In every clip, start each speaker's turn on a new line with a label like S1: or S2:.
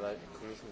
S1: but I, the commission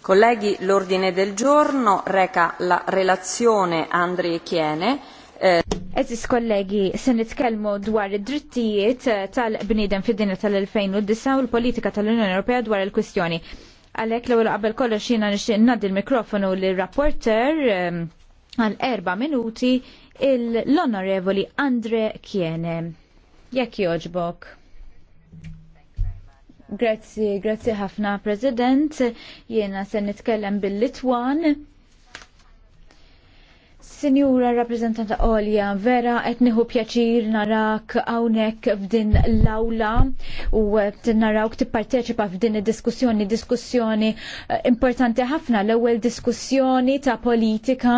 S1: Colleghi, l'ordine del giorno reca la relazione Andri Chiene. Eh, Eżis
S2: kollegi, se nitkellmu dwar id-drittijiet eh, tal-bniedem fid-dinja tal-2009 u l-politika tal-Unjoni Ewropea dwar il-kwistjoni. Għalhekk l-ewwel qabel kollox xina nixtieq ngħaddi l-mikrofonu lir-rapporter eh, għal erba' minuti l-Onorevoli Andre Kiene. Jekk jogħġbok. Grazzi, grazzi ħafna, President. Jiena se nitkellem bil-Litwan. Sinjura rappresentanta Olja, vera qed nieħu pjaċir narak hawnhekk f'din l-awla u narawk tipparteċipa f'din id-diskussjoni, diskussjoni eh, importanti ħafna l-ewwel diskussjoni ta' politika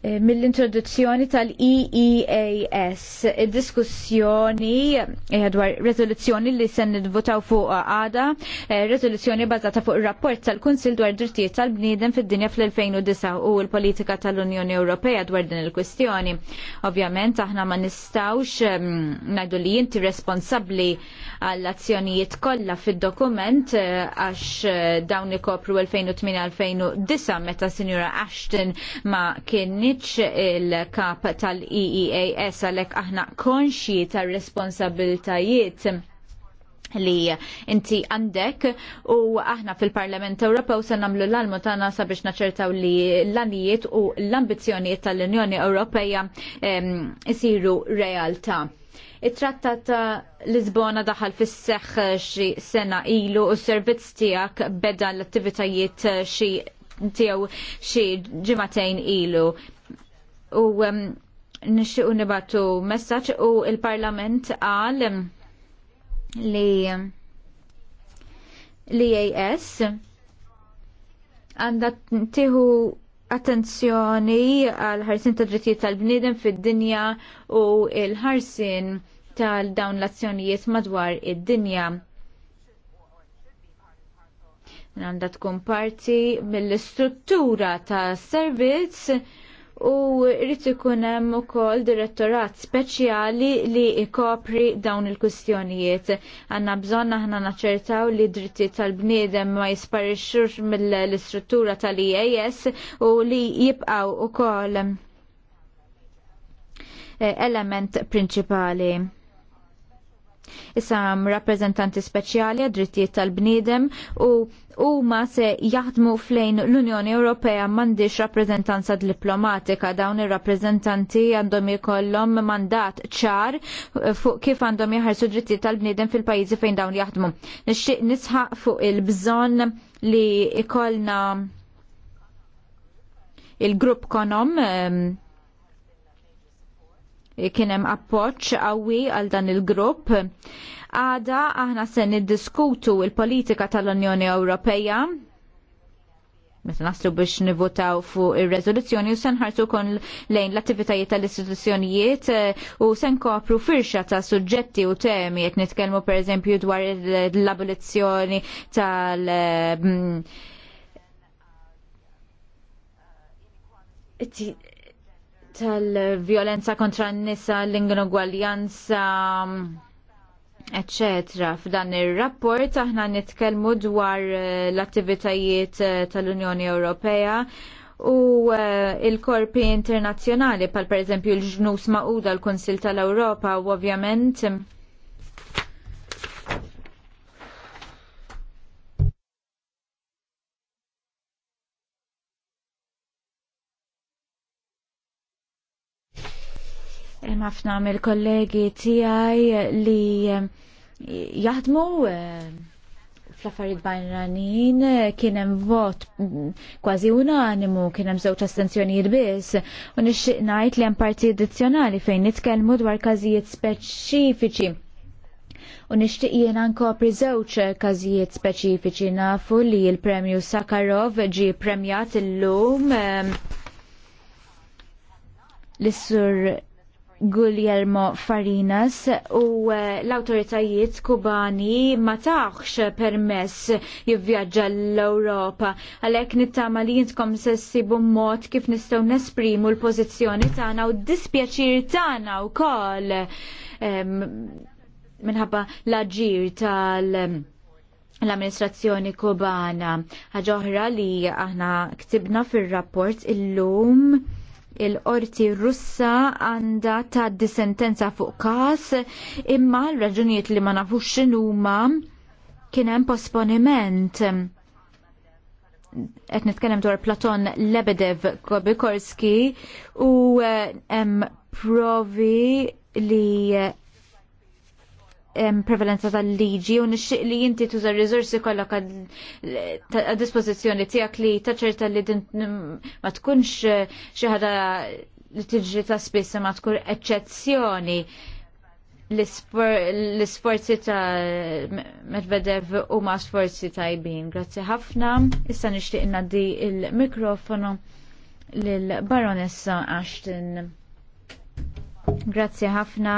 S2: Eh, mill-introduzzjoni tal-EEAS, diskussjoni eh, dwar rezoluzzjoni li sen nivvotaw fuq għada, eh, rezoluzzjoni bazata fuq il-rapport tal-Kunsil dwar drittijiet tal-bniedem fid-dinja fl-2009 u l-politika tal-Unjoni Ewropea dwar din il-kwestjoni. Ovvjament, aħna ma nistawx ehm, najdu li jinti responsabli għall-azzjonijiet kollha fid-dokument għax dawn ikopru 2008-2009 meta Sinjura Ashton ma kienni Janich, il-kap tal-EEAS, għalek aħna konxji tal-responsabiltajiet li inti għandek u aħna fil-Parlament Ewropew se nagħmlu l-almu tagħna sabiex naċertaw li l-anijiet u l-ambizzjonijiet tal-Unjoni Ewropea isiru realtà. It-trattat ta' Lisbona daħal fis seħħ xi sena ilu u s-servizz tiegħek beda l-attivitajiet xi tiegħu xi ġimatejn ilu u um, nixtiequ nibatu messaġġ u l parlament qal um, li um, l-EAS għandha tieħu attenzjoni għal ħarsin ta' drittijiet tal-bniedem fid-dinja u l-ħarsin tal-dawn l-azzjonijiet madwar id-dinja. Għandha tkun parti mill-istruttura ta' servizz u rrit ikun hemm ukoll direttorat speċjali li ikopri dawn il-kustjonijiet. Għanna bżonn aħna naċċertaw li dritti tal-bniedem ma jisparixxux mill-istruttura tal-IAS u li jibqgħu kol eh, element prinċipali. Issa rappreżentanti speċjali għad drittijiet tal-bniedem u huma se jaħdmu flejn l-Unjoni Ewropea m'għandix rappreżentanza diplomatika dawn ir-rappreżentanti għandhom jkollhom mandat ċar fuq kif għandhom jaħarsu dritti tal-bniedem fil-pajjiżi fejn dawn jaħdmu. Nixtieq nisħaq fuq il-bżonn li ikollna il-grupp konom kienem appoċ għawi għal dan il-grupp Għada aħna se niddiskutu il-politika tal-Unjoni Ewropeja meta naslu biex nivvotaw fuq ir-reżoluzzjoni u se nħarsu kon lejn l-attivitajiet tal-istituzzjonijiet eh, u se kopru firxa ta' suġġetti u temi qed nitkellmu pereżempju dwar l-abolizzjoni tal- eh, mm, tal-violenza kontra n-nisa, l-ingwaljanza, etc. F'dan ir-rapport aħna nitkellmu dwar eh, l-attivitajiet eh, tal-Unjoni Ewropea u eh, il-korpi internazzjonali pal per eżempju l-ġnus Magħquda l-Konsil tal-Ewropa u ovvjament ħafna mill-kollegi tiegħi li jaħdmu eh, fl-affarijiet bajnranin kien hemm vot kważi unanimu kien hemm żewġ astensjonijiet biss u nixtieq ngħid li hemm parti addizzjonali fejn nitkellmu dwar każijiet speċifiċi. U nixtieq jiena nkopri żewġ każijiet speċifiċi nafu li l-Premju Sakharov ġie premjat illum eh, l-Sur Guglielmo Farinas u eh, l-autoritajiet kubani ma taħx permess jivvjaġġa l-Europa. Għalek nittama li jintkom sessibu mod kif nistaw nesprimu l-pozizjoni tana u dispjaċir tana u kol minħabba l-ġir tal- l-amministrazzjoni kubana. Ħaġa oħra li aħna ktibna fir-rapport illum il-qorti russa għandha tgħaddi sentenza fuq każ imma l-raġunijiet li ma nafux x'inhuma kien hemm posponiment qed nitkellem dwar Platon Lebedev Kobikorski u eh, hemm provi li eh, prevalenza tal-liġi u nixxieq li jinti tuża r-riżorsi kollha għad dispożizzjoni tiegħek li taċerta li ma tkunx eh, xi ħaġa li tiġri ta' spiss ma tkun eċċezzjoni l-sforzi ta' Medvedev u ma' sforzi tajbin. Grazzi ħafna. Issa nixtieq naddi il-mikrofonu lil baronessa Ashton. Grazzi ħafna.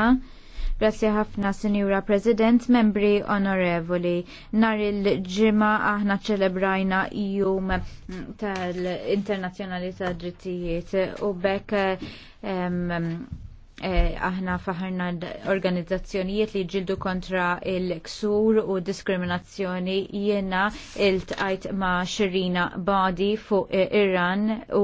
S2: Grazzi ħafna, Sinjura President, membri onorevoli. Nar il-ġimma aħna ċelebrajna jum tal-Internazjonali tad drittijiet u bekk Eh, aħna faħarna organizzazzjonijiet li ġildu kontra il-ksur u diskriminazzjoni jiena il tajt ma' Shirina Badi fuq eh, Iran u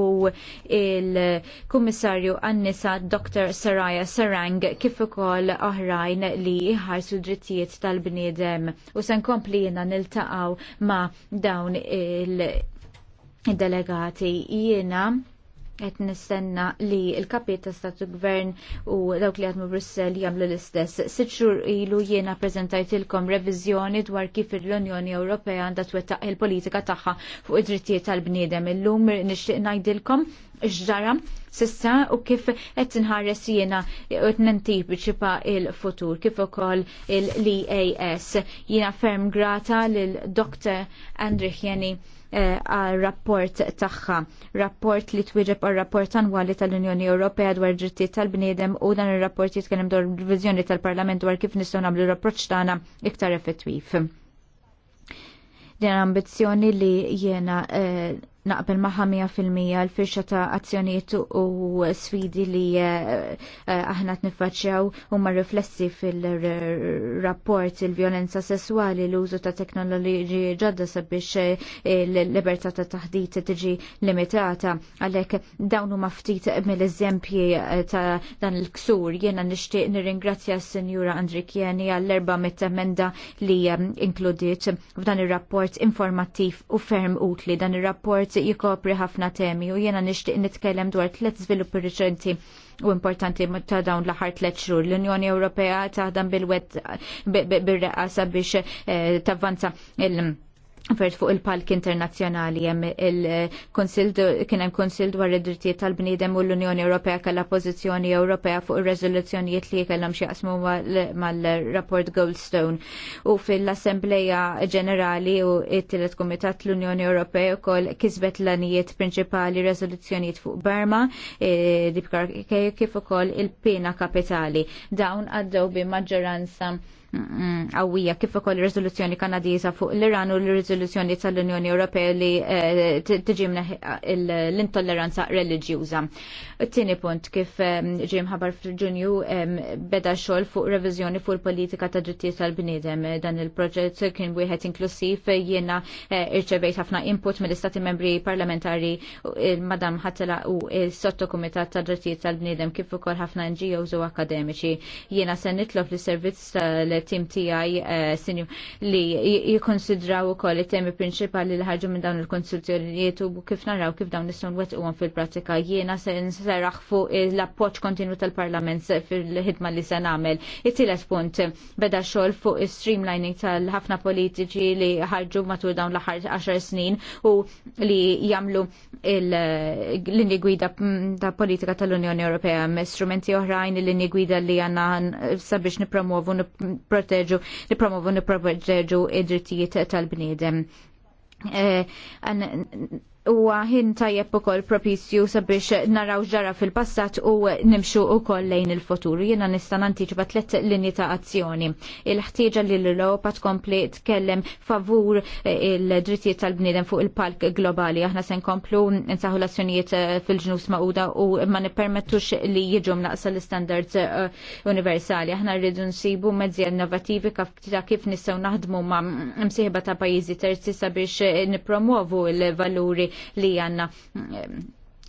S2: il-Kummissarju għannisa Dr. Saraya Sarang kif ukoll oħrajn li ħarsu drittijiet tal-bniedem u sen kompli jiena niltaqaw ma' dawn il-delegati jena qed nistenna li l-kapiet ta' statu gvern u dawk li għadmu Brussel jagħmlu l-istess. Sitt xhur ilu jiena preżentajtilkom reviżjoni dwar kif l-Unjoni Ewropea għandha twettaq il-politika tagħha fuq id-drittijiet tal-bniedem. Illum nixtieq ngħidilkom x'ġara sissa u kif qed inħares jiena nantib nantipiċipa il-futur kif ukoll il-EAS. Jiena ferm grata lil Dr. Andriħjeni Eh, għal rapport tagħha. Rapport li twieġeb għal rapport annwali tal-Unjoni Ewropea dwar drittijiet tal-bniedem u dan ir-rapport jitkellem dwar viżjoni tal-Parlament dwar kif nistgħu nagħmlu l-approċċ tagħna iktar effetttiv. Din ambizzjoni li jiena eh, naqbel ma' 100% l-firxa ta' azzjoniet u sfidi li eh, eh, aħna t-nifacċaw u ma' riflessi fil-rapport il-violenza sessuali l-użu ta' teknoloġi ġodda sabiex eh, l-libertà ta' taħdit tiġi limitata. Għalek dawnu maftit mill-eżempji ta' dan il-ksur. Jena nishtiq nirringrazzja s-senjura Andrikieni għall-erba mit-emenda li inkludiet f'dan il-rapport informattiv u ferm utli. Dan il-rapport jikopri ħafna temi u jiena nixtieq nitkellem dwar tliet żviluppi riċenti u importanti ta' dawn l-aħħar tliet xhur. L-Unjoni Ewropea taħdem bil-wet bir-reqasa biex eh, tavvanza il- Fert fuq il-palk internazzjonali hemm il-Konsil kien hemm konsil dwar id-drittijiet tal-bniedem u l-Unjoni Ewropea kellha pożizzjoni Ewropea fuq ir-reżoluzzjonijiet li jkellhom xi jaqsmu mal-rapport Goldstone. U fil-Assembleja Ġenerali u t-tielet Kumitat l-Unjoni Ewropea wkoll kisbet l-anijiet prinċipali reżoluzzjonijiet fuq e, Dipkar kif ukoll il-pena kapitali. Dawn għaddew bi maġġoranza għawija kif ukoll ir-riżoluzzjoni Kanadiża fuq l-Iran u l-riżoluzzjoni tal-Unjoni Ewropea li eh, tiġi ah, l-intolleranza reliġjuża. it Tieni punt kif ġim ehm, ħabar f'Ġunju ehm, beda xogħol fuq reviżjoni fuq il-politika ta' drittijiet tal-bniedem. Dan il-proġett kien wieħed inklusiv jiena eh, irċevejt ħafna input mill-istati membri parlamentari eh, madam ħatela u s-sottokumitat ta' drittijiet tal-bniedem kif ukoll ħafna NGOs u akademiċi. Jiena se nitlob li servizz tal tim tiegħi eh, sinju li jikkonsidraw ukoll it-temi prinċipali li ħarġu minn dawn il konsultjonijiet u kif naraw kif dawn nistgħu nwettquhom fil-prattika. Jiena se nserraħ fuq l-appoġġ kontinwu tal-Parlament fil-ħidma li se nagħmel. It-tielet punt beda xogħol fuq is-streamlining tal-ħafna politiċi li ħarġu matul dawn l-aħħar 10 snin u li jagħmlu l-linji gwida ta' politika tal-Unjoni Ewropea strumenti oħrajn l-linji gwida li għanna sabiex nipromovu nipproteġu, nipromovu nipproteġu id-drittijiet tal-bniedem. Eh, huwa ħin tajjeb ukoll propizju sabiex naraw ġara fil-passat u nimxu koll lejn il-futur. Jiena nista' nantiġba tliet linji ta' azzjoni. Il-ħtieġa li l europa tkompli tkellem favur eh, il-drittijiet tal-bniedem fuq il-palk globali. Aħna se nkomplu nsaħu l-azzjonijiet eh, fil-ġnus maquda u ma nippermettux li jiġu naqsa l-standards eh, universali. Aħna rridu nsibu mezzi innovativi ta' kif nistgħu naħdmu ma' msieħba ta' pajjiżi terzi sabiex nipromuovu l-valuri li għanna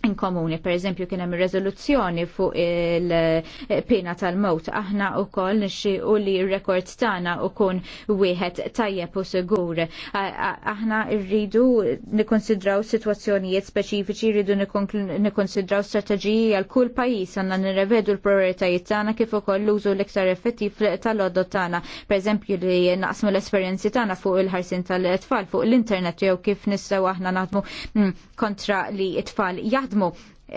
S2: in komuni, per eżempju, kien hemm rezoluzzjoni fuq il-pena tal-mewt. Aħna wkoll u li r tana tagħna kun wieħed tajjeb u segur. Aħna rridu nikkonsidraw sitwazzjonijiet speċifiċi, rridu nikkonsidraw strategiji għal kull pajjiż għandna nirrevedu l-prioritajiet tagħna kif ukoll l-użu l-iktar effettiv tal oddo tagħna. Per eżempju, li naqsmu l-esperjenzi tagħna fuq il-ħarsin tal-tfal fuq l-internet jew kif nistaw aħna naħdmu mm, kontra li t tfal jaħdmu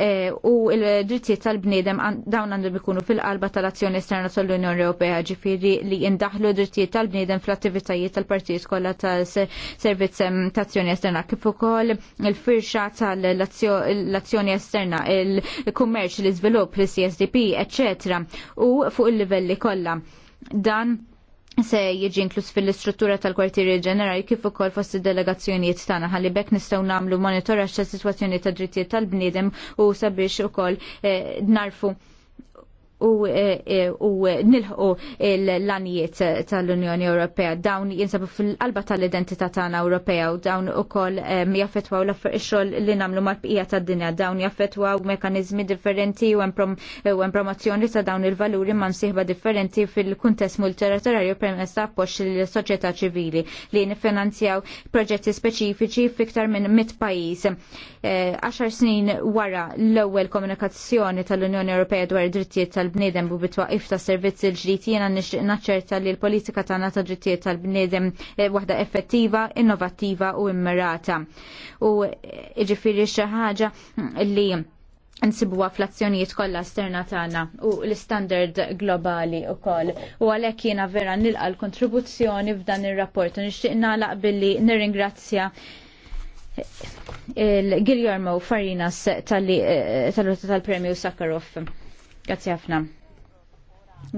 S2: e, u l-drittijiet tal-bniedem dawn għandu bikunu fil-qalba tal-azzjoni esterna tal-Unjoni Ewropea ġifiri li indaħlu drittijiet tal-bniedem fl-attivitajiet tal-partijiet kollha tal-servizz ta' azzjoni esterna kif ukoll il-firxa tal-azzjoni esterna, il-kummerċ, l-iżvilupp, l-CSDP, eċċetera u fuq il-livelli kollha. Dan se jiġi inkluż fil-istruttura tal-kwartieri ġenerali kif ukoll fost id-delegazzjonijiet tagħna ħalli bekk nistgħu nagħmlu monitoraġġ tas-sitwazzjoni tad drittijiet tal-bniedem u sabiex ukoll eh, narfu E, e, u nilħu l-lanijiet tal-Unjoni Ewropea. Dawn jinsabu fil-qalba tal-identità tagħna Ewropea u dawn ukoll e, jaffetwaw l-xogħol li nagħmlu mal-bqija tad-dinja. Dawn jaffetwaw mekanizmi differenti u hemm promozzjoni ta' dawn il-valuri ma' nsieħba differenti fil-kuntest multilaterali permezz ta' appoġġ lis soċjetà ċivili li nifinanzjaw proġetti speċifiċi fiktar minn mit pajjiż. Għaxar snin wara l-ewwel komunikazzjoni tal-Unjoni Ewropea dwar id-drittijiet tal tal-bniedem u bitwaqif ta' servizzi l ġdijt jiena nixtieq naċċerta li l-politika tagħna ta' drittijiet tal-bniedem eh, waħda effettiva, innovattiva u immirata. U jiġifieri xi ħaġa li nsibuwa fl-azzjonijiet kollha esterna tagħna u l-standard globali wkoll. U għalhekk jiena vera nilqa l-kontribuzzjoni f'dan ir-rapport u nixtieq nagħlaq billi nirringrazzja eh, il giljormo Farinas tal-premju Sakharov. Grazzi ħafna.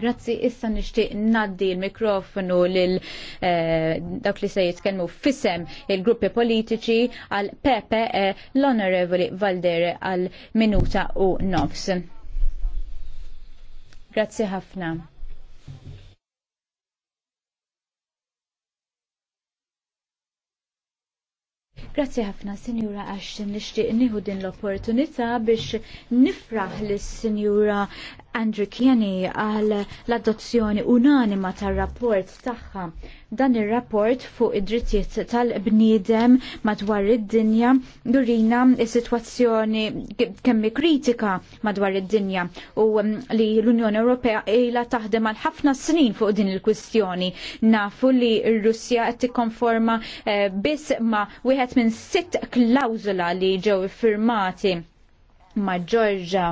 S2: Grazzi, issa nishtiq naddi l-mikrofonu lil eh, dawk li se jitkellmu fissem il-gruppi politiċi għal Pepe eh, l-Onorevoli Valdere għal minuta u nofs. Grazzi ħafna. Grazzi ħafna, Sinjura Ashton, nixtieq nieħu din l-opportunità biex nifraħ lis-Sinjura Andrew Kieni għal l-adozzjoni unanima tal-rapport tagħha. Dan ir-rapport fuq id-drittijiet tal-bniedem madwar id-dinja durina is-sitwazzjoni kemmi kritika madwar id-dinja u um, li l-Unjoni Ewropea ilha taħdem għal ħafna snin fuq din il-kwistjoni. Nafu li r-Russja qed tikkonforma eh, biss ma' wieħed minn sitt klawżula li ġew iffirmati ma' Georgia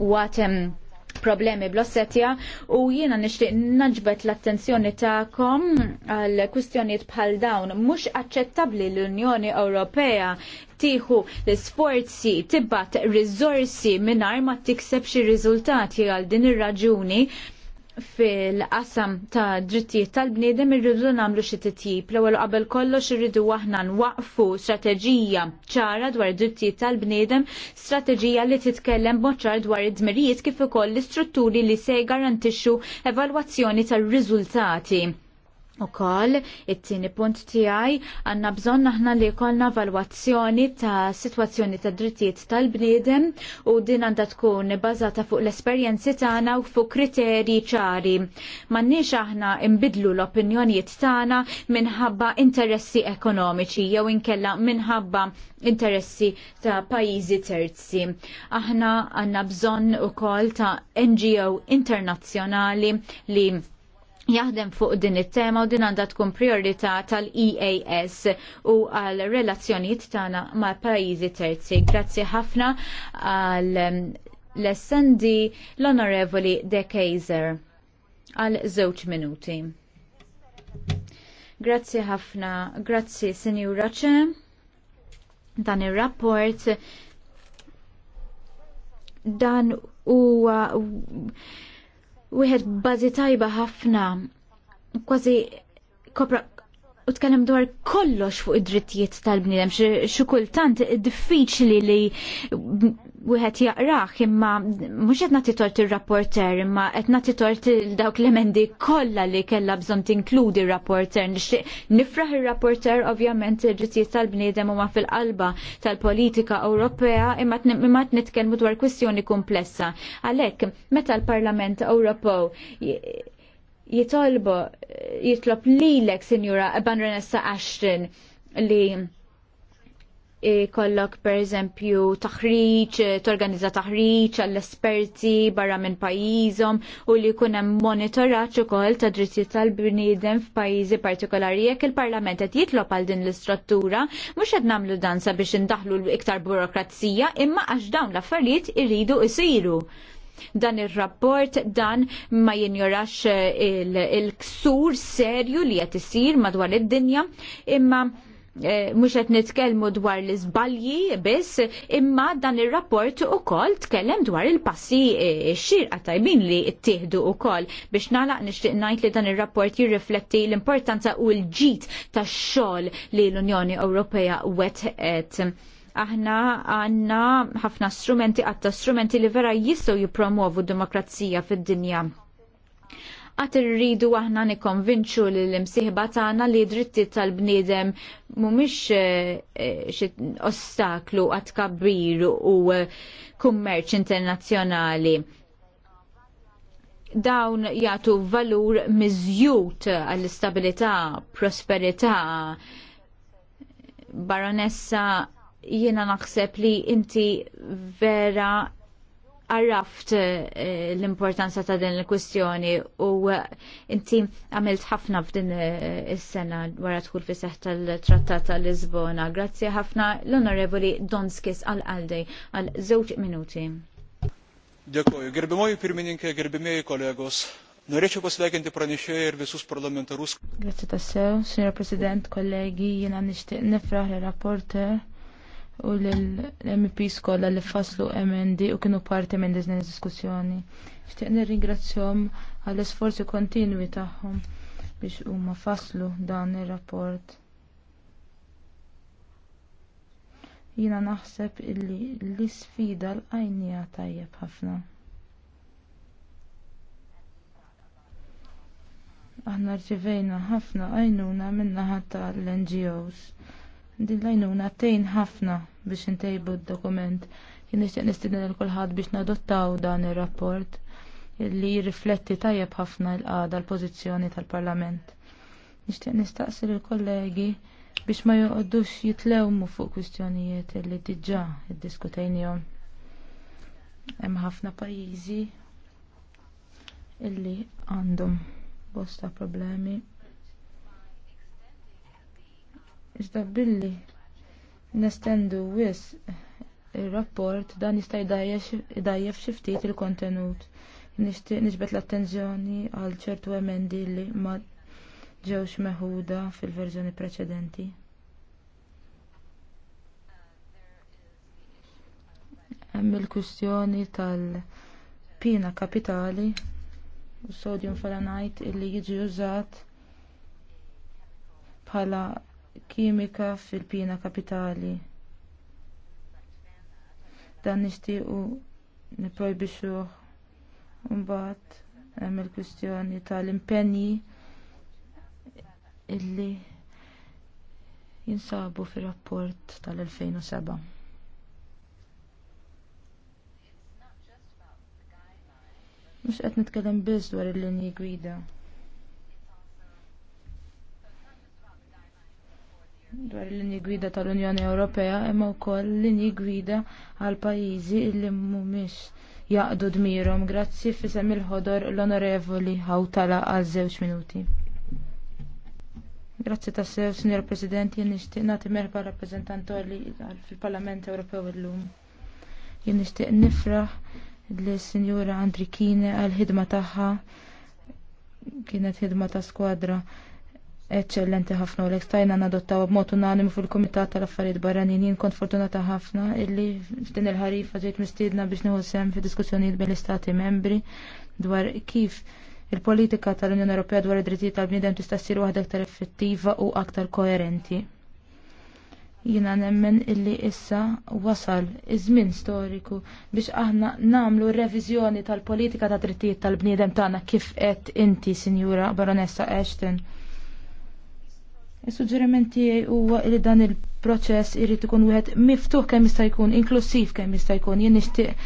S2: watem um, għatem problemi blossetja u jiena nixtieq naġbet l-attenzjoni tagħkom għal kwistjonijiet bħal dawn mhux aċċettabbli l-Unjoni Ewropea tieħu l-sforzi tibbat rizorsi mingħajr ma tikseb xi riżultati għal din ir-raġuni fil-qasam ta' drittijiet tal-bniedem irridu nagħmlu xi titjib. L-ewwel qabel kollox irridu aħna nwaqfu strateġija ċara dwar id-drittijiet tal-bniedem, strateġija li titkellem boċar dwar id-dmirijiet kif ukoll l-istrutturi li se jgarantixxu evalwazzjoni tar-riżultati. U kol, it-tini punt tijaj, għanna bżon naħna li kolna valwazzjoni ta' situazzjoni ta' drittijiet tal-bnidem u din għanda tkun bazata fuq l-esperienzi tagħna u fuq kriteri ċari. Mannix aħna imbidlu l-opinjonijiet tagħna minħabba interessi ekonomiċi jew inkella minħabba interessi ta' pajizi terzi. Aħna għanna bżon u kol ta' NGO internazzjonali li jaħdem fuq din it-tema u din għandha tkun priorità tal-EAS u għal relazzjonijiet tagħna ma' pajjiżi terzi. Grazzi ħafna għal l-essendi l-Onorevoli De Kaiser għal żewġ minuti. Grazzi ħafna, grazzi Sinjura Ċe, dan ir-rapport dan huwa uh, wieħed bażi tajba ħafna kważi kopra u tkellem dwar kollox fuq id-drittijiet tal-bniedem xi kultant diffiċli li wieħed jaqrah imma mhux qed nagħti tort ir-rapporter imma qed nagħti tort dawk l-emendi kollha li kellha bżonn tinkludi r-rapporter. Nixtieq nifraħ ir-rapporter ovvjament ir-ġittijiet tal-bniedem huma fil-qalba tal-politika Ewropea imma imma nitkellmu dwar kwistjoni komplessa. Għalhekk meta l-Parlament Ewropew jitolbu jitlob lilek, Sinjura Banranessa Ashton li kollok per eżempju taħriġ, eh, torganizza taħriġ għall-esperti barra minn pajjiżhom u li jkun hemm monitoraġġ ukoll ta' drittijiet tal-bniedem f'pajjiżi partikolari jekk il-Parlament qed jitlob għal din l-istruttura mhux qed nagħmlu dan sabiex indaħlu iktar burokrazija imma għax dawn l-affarijiet iridu jsiru. dan ir-rapport dan ma jinjorax eh, il-ksur serju li qed isir madwar id-dinja imma Eh, mhux qed nitkellmu dwar l-iżbalji biss, imma dan ir-rapport ukoll tkellem dwar il-passi eh, xirqa tajbin li ttieħdu kol biex nagħlaq nixtieq ngħid li dan ir-rapport jirrifletti l-importanza u l-ġid tax-xogħol li l-Unjoni Ewropea wetqet aħna għanna ħafna strumenti għatta strumenti li vera jistaw jipromovu demokrazija fid-dinja għat irridu aħna nikonvinċu l-imsiħba tagħna li dritti tal-bniedem mhumiex eh, eh, xi ostaklu għat kabbir u eh, kummerċ internazzjonali dawn jagħtu valur miżjud għall-istabilità, prosperità. Baronessa, jiena naħseb li inti vera għarraft eh, l-importanza ta' din il-kwistjoni u eh, inti għamilt ħafna f'din eh, is-sena wara tħul fi seħ tal-Trattat tal-Lisbona. Grazzi ħafna l-Onorevoli Donskis għal-Aldej għal żewġ minuti.
S3: Dėkuoju. Gerbimoji pirmininkė, gerbimieji kolegos. Norėčiau pasveikinti pranešėją ir visus parlamentarus. Grazie tassew, signor President, kollegi, jena nishtiq nifraħ il-rapporter u l-MPs kollha li faslu emendi u kienu parti minn din diskussjoni. Xtieq nirringrazzjom għall isforzi kontinwi tagħhom biex huma faslu dan ir-rapport. Jiena naħseb illi l-isfida l-għajnija tajjeb ħafna. Aħna rċivejna ħafna għajnuna ħatta tal-NGOs. Din l-għajnuna tejn ħafna biex intejbu d-dokument. Jien nixtieq nistieden kulħadd biex nadottaw dan ir-rapport li jirrifletti tajjeb ħafna l-qada l-pożizzjoni tal-Parlament. Nixtieq nistaqsi l kollegi biex ma joqgħodux jitlewmu fuq kwistjonijiet li diġà iddiskutejnihom. Hemm ħafna pajjiżi illi għandhom bosta problemi. Iżda billi nestendu wis ir-rapport dan jista' jdajjef xi ftit il-kontenut. Nixtieq niġbed l-attenzjoni għal ċertu emendi li ma ġewx meħuda fil-verżjoni preċedenti. Hemm il-kwistjoni tal-pina kapitali u sodium falanajt illi jiġi użat bħala kimika fil-pina kapitali. Dan nixtiequ niprojbixuh mbagħad hemm il-kwistjoni tal-impenji illi jinsabu fir-rapport tal-2007. Mhux qed nitkellem biss dwar il-linji gwida. dwar l-linji gwida tal-Unjoni Ewropea imma wkoll linji gwida għal pajjiżi li mhumiex jaqdu dmirhom. Grazzi fisem il-ħodor l-Onorevoli Hawtala għal żewġ minuti. Grazzi ta' sew, Signor President, jien nixtieq nagħti merħba rappreżentantoli fil-Parlament Ewropew illum. Jien nixtieq nifraħ li Sinjura Andrikine għal ħidma tagħha kienet ħidma ta' skwadra eċċellenti ħafna u l stajna nadottaw b'mod unanimu fil-Kumitat tal-Affarijiet Barranin. Jien kont fortunata ħafna illi f'din il-ħarifa ġejt mistiedna biex nieħu sem fi diskussjonijiet bejn istati membri dwar kif il-politika tal-Unjoni Ewropea dwar id-drittijiet tal-bniedem tista' ssir waħda aktar effettiva u aktar koerenti. Jiena nemmen illi issa wasal iż-żmien storiku biex aħna nagħmlu reviżjoni tal-politika ta' drittijiet tal-bniedem tagħna kif qed inti, Sinjura Baronessa Ashton Is-suġġerimenti huwa li dan il-proċess irrid ikun wieħed miftuħ kemm jista' jkun, inklusiv kemm jista' jkun. Jien nixtieq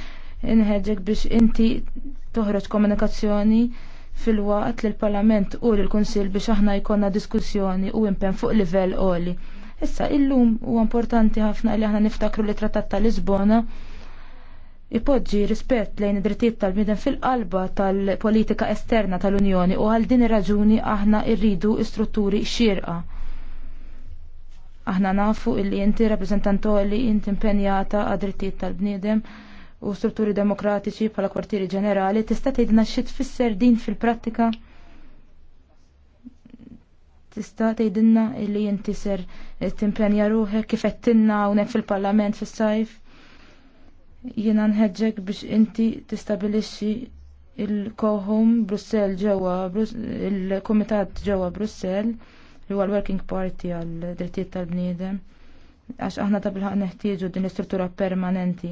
S3: inħeġġek biex inti toħroġ komunikazzjoni fil-waqt l parlament u l-Kunsill biex aħna jkollna diskussjoni u impenn fuq livell qoli. Issa illum huwa importanti ħafna li aħna niftakru li trattat ta' Lisbona ipoġġi rispett lejn id-drittijiet tal-bniedem fil-qalba tal-politika esterna tal-Unjoni u għal din ir-raġuni aħna rridu strutturi x-xirqa. Aħna nafu illi inti rappresentantoli inti impenjata għad-drittijiet tal-bniedem u strutturi demokratiċi bħala kwartieri ġenerali. Tista' tgħidna xi tfisser din fil-prattika? Tista' tgħidilna illi inti ser timpenja ruħek kif qed hawnhekk fil-Parlament fis-sajf. Jiena nħeġġek biex inti tistabilixxi il-kohom Brussell ġewwa il-Kumitat ġewwa Brussell li huwa l-Working Party għal drittijiet tal-bniedem għax aħna ta' bilħaq neħtieġu din l-istruttura permanenti.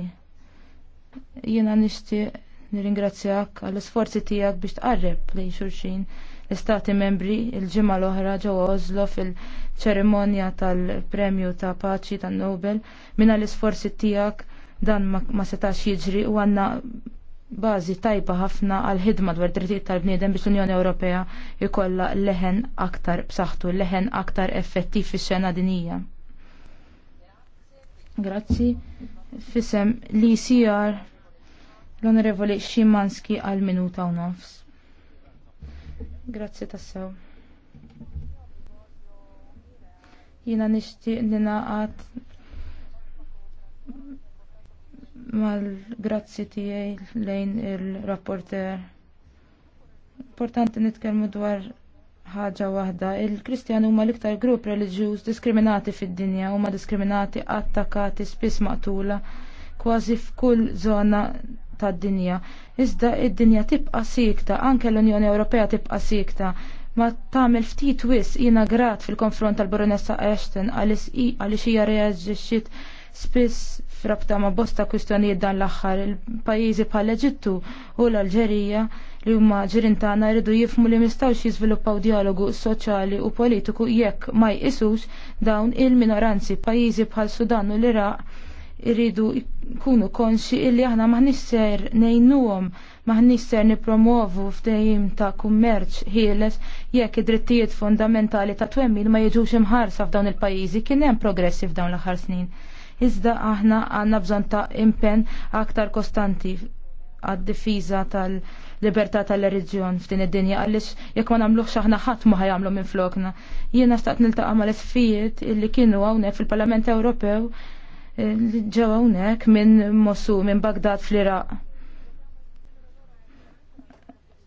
S3: Jiena nixtieq nirringrazzjak għall isforzi tiegħek biex tqarreb lejn xulxin l-istati membri il-ġimgħa l-oħra ġewwa Oslo fil-ċerimonja tal-Premju ta' Paċi tan-Nobel minna l-isforzi tiegħek dan ma, ma setax jiġri u għanna bażi tajba ħafna għal ħidma dwar drittijiet tal-bniedem biex l-Unjoni Ewropea jkollha leħen aktar b'saħħtu, leħen aktar effettiv fix-xena dinija. Grazzi. Fisem li sijar l-Onorevoli Szymanski għal minuta u nofs. Grazzi tassew. Jina nishtiq li naqat mal-grazzi tiegħi lejn il-rapporter. Importanti nitkellmu dwar ħaġa waħda. Il-Kristjani huma l-iktar grupp reliġjuż diskriminati fid-dinja, huma diskriminati, attakati, spiss maqtula, kważi f'kull żona tad-dinja. Iżda id-dinja tibqa' sikta, anke l-Unjoni Ewropea tibqa' sikta. Ma tagħmel ftit wis jiena grat fil-konfront tal-Baronessa Ashton għaliex hija reaġixxiet spiss frabta ma' bosta kwistjonijiet dan l-aħħar il-pajjiżi bħal Eġittu u l-Alġerija li huma ġirin tagħna jridu jifmu li mistgħux jiżviluppaw dialogu soċjali u politiku jekk ma jqisux dawn il-minoranzi pajjiżi bħal Sudan u l-Iraq irridu jkunu konxi illi aħna maħniex ser nejnuhom, maħniex ser nipromovu f'dejjem ta' kummerċ ħieles jekk id-drittijiet fundamentali ta' twemmin ma jiġux imħarsa f'dawn il-pajjiżi kien hemm progressi f'dawn l-aħħar snin iżda aħna għandna bżonn ta' impenn aktar kostanti għad-difiża tal-libertà tal-reġjon f'din id-dinja għaliex jekk ma nagħmluhx aħna ħadd ma ħajamlu minn flokna. Jiena staqt niltaqa' mal-isfijiet illi kienu hawnhekk fil-Parlament Ewropew eh, li ġew hawnhekk minn Mosu minn Bagdad fl-Iraq.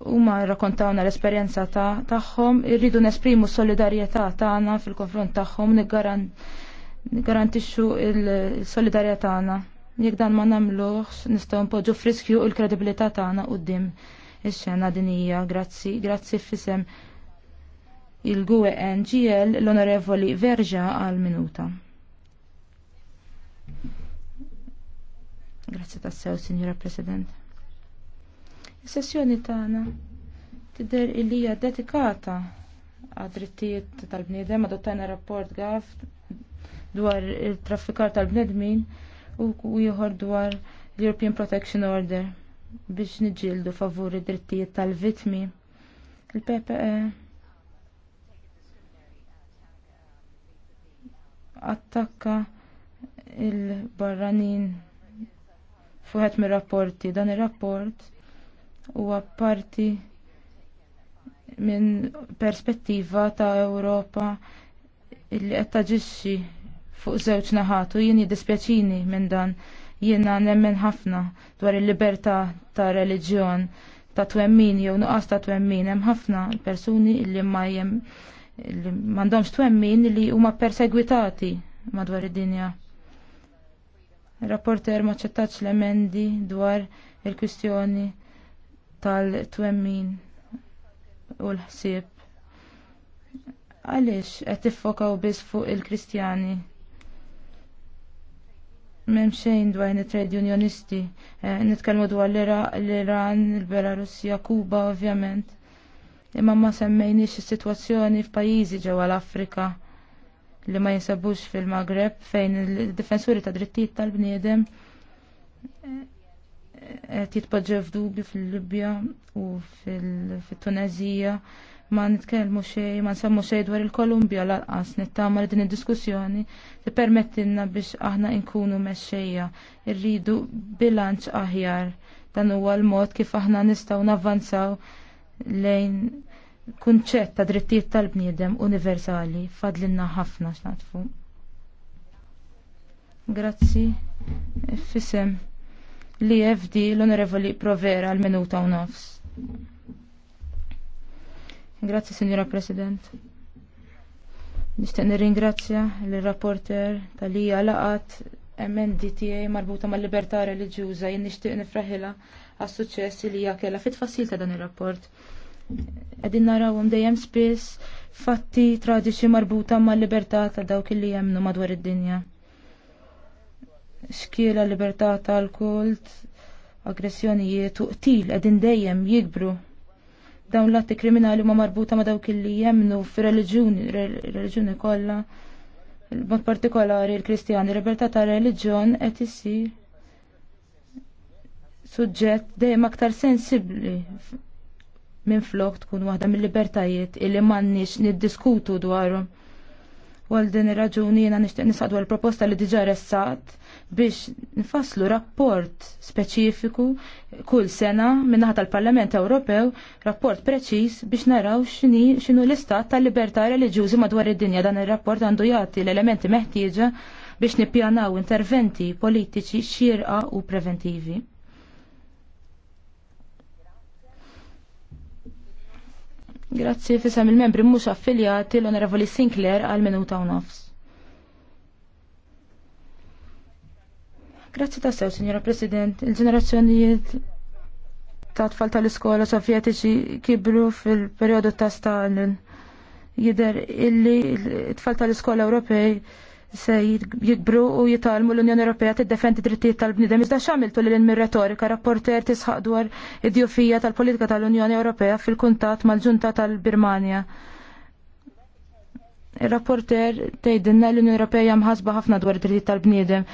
S3: Huma rrakkontawna l-esperjenza tagħhom, irridu nesprimu s-solidarjetà tagħna fil-konfront tagħhom niggarant garantixxu il solidarja tagħna. Jekk dan ma nagħmluhx nistgħu npoġġu friskju l-kredibilità tagħna quddiem ix-xena din hija. Grazzi, grazzi fisem il-GUE NGL l-Onorevoli Verġa għal minuta. Grazzi tassew, Sinjora President. Is-sessjoni tagħna tidher illi hija dedikata għad drittijiet tal-bniedem adottajna rapport gaf dwar il-traffikar tal-bnedmin u ieħor dwar l-European Protection Order biex niġildu favur id-drittijiet tal-vitmi. Il-PPE attakka il-barranin fuħet mir rapporti dan ir-rapport huwa parti minn perspettiva ta' Ewropa illi qed taġixxi fuq żewġ naħat u jien jiddispjaċini minn dan jiena nemmen ħafna dwar il-libertà ta' reliġjon ta' twemmin jew nuqqas ta' twemmin hemm ħafna persuni li ma jem li m'għandhomx twemmin li huma persegwitati madwar id-dinja. Rapporter ma ċettax l-emendi dwar il-kwistjoni tal-twemmin u l-ħsieb. Għaliex qed tiffokaw biss fuq il-Kristjani Memxejn dwar trade unionisti, eh, nitkellmu dwar l-Iran, il-Belarusja, Kuba ovvjament. Imma ma semmejniex is-sitwazzjoni f'pajjiżi ġewwa l-Afrika li ma jinsabux fil-Magreb fejn il-difensuri ta' drittijiet tal-bniedem eh, qed jitpoġġew f'dubju fil-Libja u fil-Tunezija. fil libja u fil tunezija ma nitkellmu xej, ma nsemmu xej dwar il-Kolumbja lanqas nittama li din id-diskussjoni permettinna biex aħna nkunu mexxejja irridu bilanċ aħjar dan huwa l-mod kif aħna nistgħu navvanzaw lejn kunċett ta' drittijiet tal-bniedem universali fadlinna ħafna x'natfu. Grazzi. Fissem li FD l-Onorevoli Provera l-minuta u nofs. Grazzi, Signora President. Nistenni nirringrazzja l-rapporter tal-lija laqat emendi tiegħi marbuta mal-libertà reliġjuża jien nixtieq nifraħilha għas-suċċess li hija kellha fit fasil ta' dan ir-rapport. Qegħdin narawhom dejjem spiss fatti tradiċi marbuta mal-libertà ta' dawk li jemnu madwar id-dinja. Xkiela libertà tal-kult, aggressjonijiet u qtil qegħdin dejjem jikbru dawn l-atti kriminali ma marbuta ma dawk li jemnu f religjoni, reliġjoni kollha. Mod partikolari l-Kristjani, libertà ta' reliġjon qed isir suġġett dejjem aktar sensibbli minn flok tkun waħda mill-libertajiet illi m'għandniex niddiskutu dwarhom għal din ir-raġuni jiena nixtieq nisad l-proposta li diġà ressat biex nfasslu rapport speċifiku kull sena minnaħa tal-Parlament Ewropew, rapport preċiż biex naraw x'inhu l-istat tal-libertà reliġjużi madwar id-dinja dan ir-rapport għandu jagħti l-elementi meħtieġa biex nippjanaw interventi politiċi xirqa u preventivi. Grazzi fisem il-membri mhux affiljati l-Onorevoli Sinclair għal minuta u nofs. Grazzi ta' sew, Signora President. Il-ġenerazzjonijiet ta' tfal tal-iskola sovjetiċi kibru fil-periodu ta' Stalin. Jider illi tfal tal-iskola Ewropej se jikbru u jitalmu l-Unjoni Ewropea tiddefendi drittijiet tal-bnidem. Iżda xamiltu li l-min retorika rapporter tisħaq dwar id-djufija tal-politika tal-Unjoni Ewropea fil-kuntat mal-ġunta tal-Birmania. Il-rapporter tgħidilna l-Unjoni Ewropea mħasba ħafna dwar id-drittijiet tal-bniedem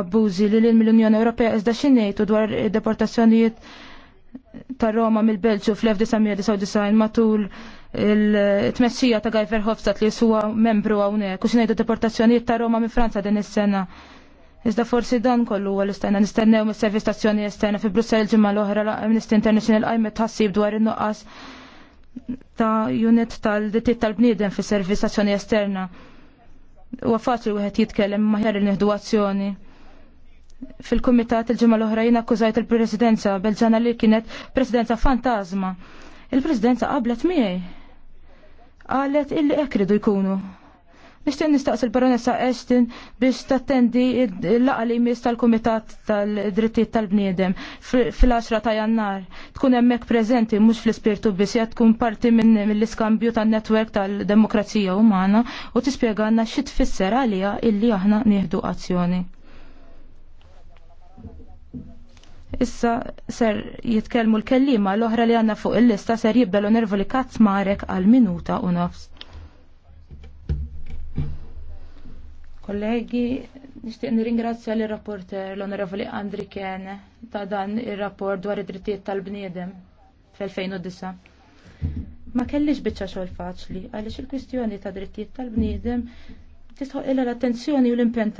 S3: abbużi li l-Unjoni Ewropea iżda ngħidu dwar id-deportazzjonijiet tar Roma mill-Belġu fl-1999 matul il-tmessija ta' Gajfer Hofstad li suwa membru għawnek u xinajdu deportazzjoniet ta' Roma minn Franza din is-sena. Iżda forsi dan kollu għal istajna nistennew mis servi stazzjoni esterna fi Brussel ġimma l-oħra la' Amnesty International għajmet tħassib dwar in-nuqqas ta' unit tal-dittit tal-bniedem fi servi stazzjoni esterna. U faċli wieħed jitkellem maħjar il-nihdu azzjoni fil-komitat il-ġimma l-oħra jina akkużajt il-presidenza Belġana li kienet presidenza fantasma. Il-presidenza qablet miegħi qalet illi hekk ridu jkunu. Nishtin nistaqsi l-Baronessa Ashton biex tattendi l-laqa li jmiss tal-Kumitat tal-Drittijiet tal-Bniedem fil-10 ta' Jannar. Tkun hemmhekk preżenti mhux fl-ispirtu biss jgħid tkun parti mill-iskambju tan-netwerk tal-Demokrazija Umana u tispjegana xi tfisser għalija illi aħna nieħdu azzjoni. Issa ser jitkellmu l-kellima l-oħra li għanna fuq il-lista ser jibbelu nervu li Marek għal minuta u nofs. Kollegi, nishtiq nirringrazzja l rapporter l-Onorevoli Andri Kene ta' dan ir-rapport dwar id-drittijiet tal-bniedem fl-2009. Ma kellix biċċa xogħol faċli għaliex il-kwistjoni ta' drittijiet tal-bniedem tisħoq l-attenzjoni u l-impenn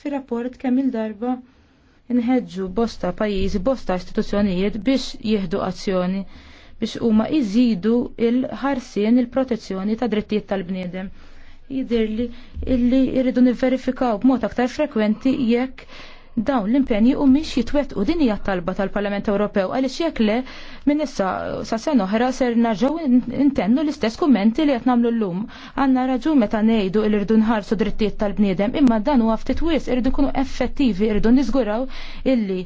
S3: Fi rapport kemm il-darba nħedġu bosta pajjiżi, bosta istituzzjonijiet biex jieħdu azzjoni biex huma iżidu il-ħarsien il-protezzjoni ta' drittijiet tal-bniedem. Jidirli illi irridu nivverifikaw b'mod aktar frekwenti jekk dawn l-impenji u miex jitwet din hija talba tal-Parlament Ewropew għaliex jekk le minn issa sa sen oħra ser narġgħu intennu l-istess kummenti li qed nagħmlu llum. għanna raġun meta ngħidu li rridu nħarsu drittijiet tal-bniedem imma dan huwa ftit wies kunu effettivi irdu niżguraw illi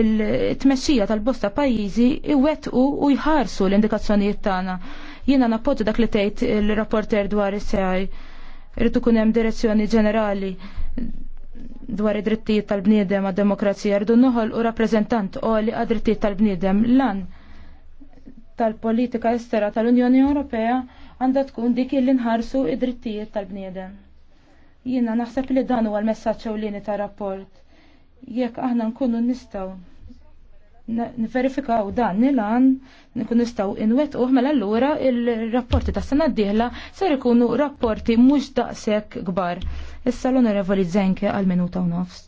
S3: il tmexxija tal-bosta pajjiżi iwet u jħarsu l-indikazzjonijiet tagħna. Jiena nappoġġu dak li tgħid il-rapporter dwar is-sej. irdu kunem hemm direzzjoni ġenerali dwar id-drittijiet tal-bniedem għad demokrazija rdu noħol u rappreżentant qoli għad drittijiet tal-bniedem lan tal-politika estera tal-Unjoni Ewropea għandha tkun dik li nħarsu id-drittijiet tal-bniedem. Jiena naħseb li dan huwa l-messaġġ ewlieni tar-rapport. Jekk aħna nkunu nistgħu niverifikaw dan il-għan nikun nistaw inwet mela allura il-rapporti ta' sena d-dihla ser ikunu rapporti mux daqsek gbar. Issa l-onorevoli Zenke għal-minuta u nofs.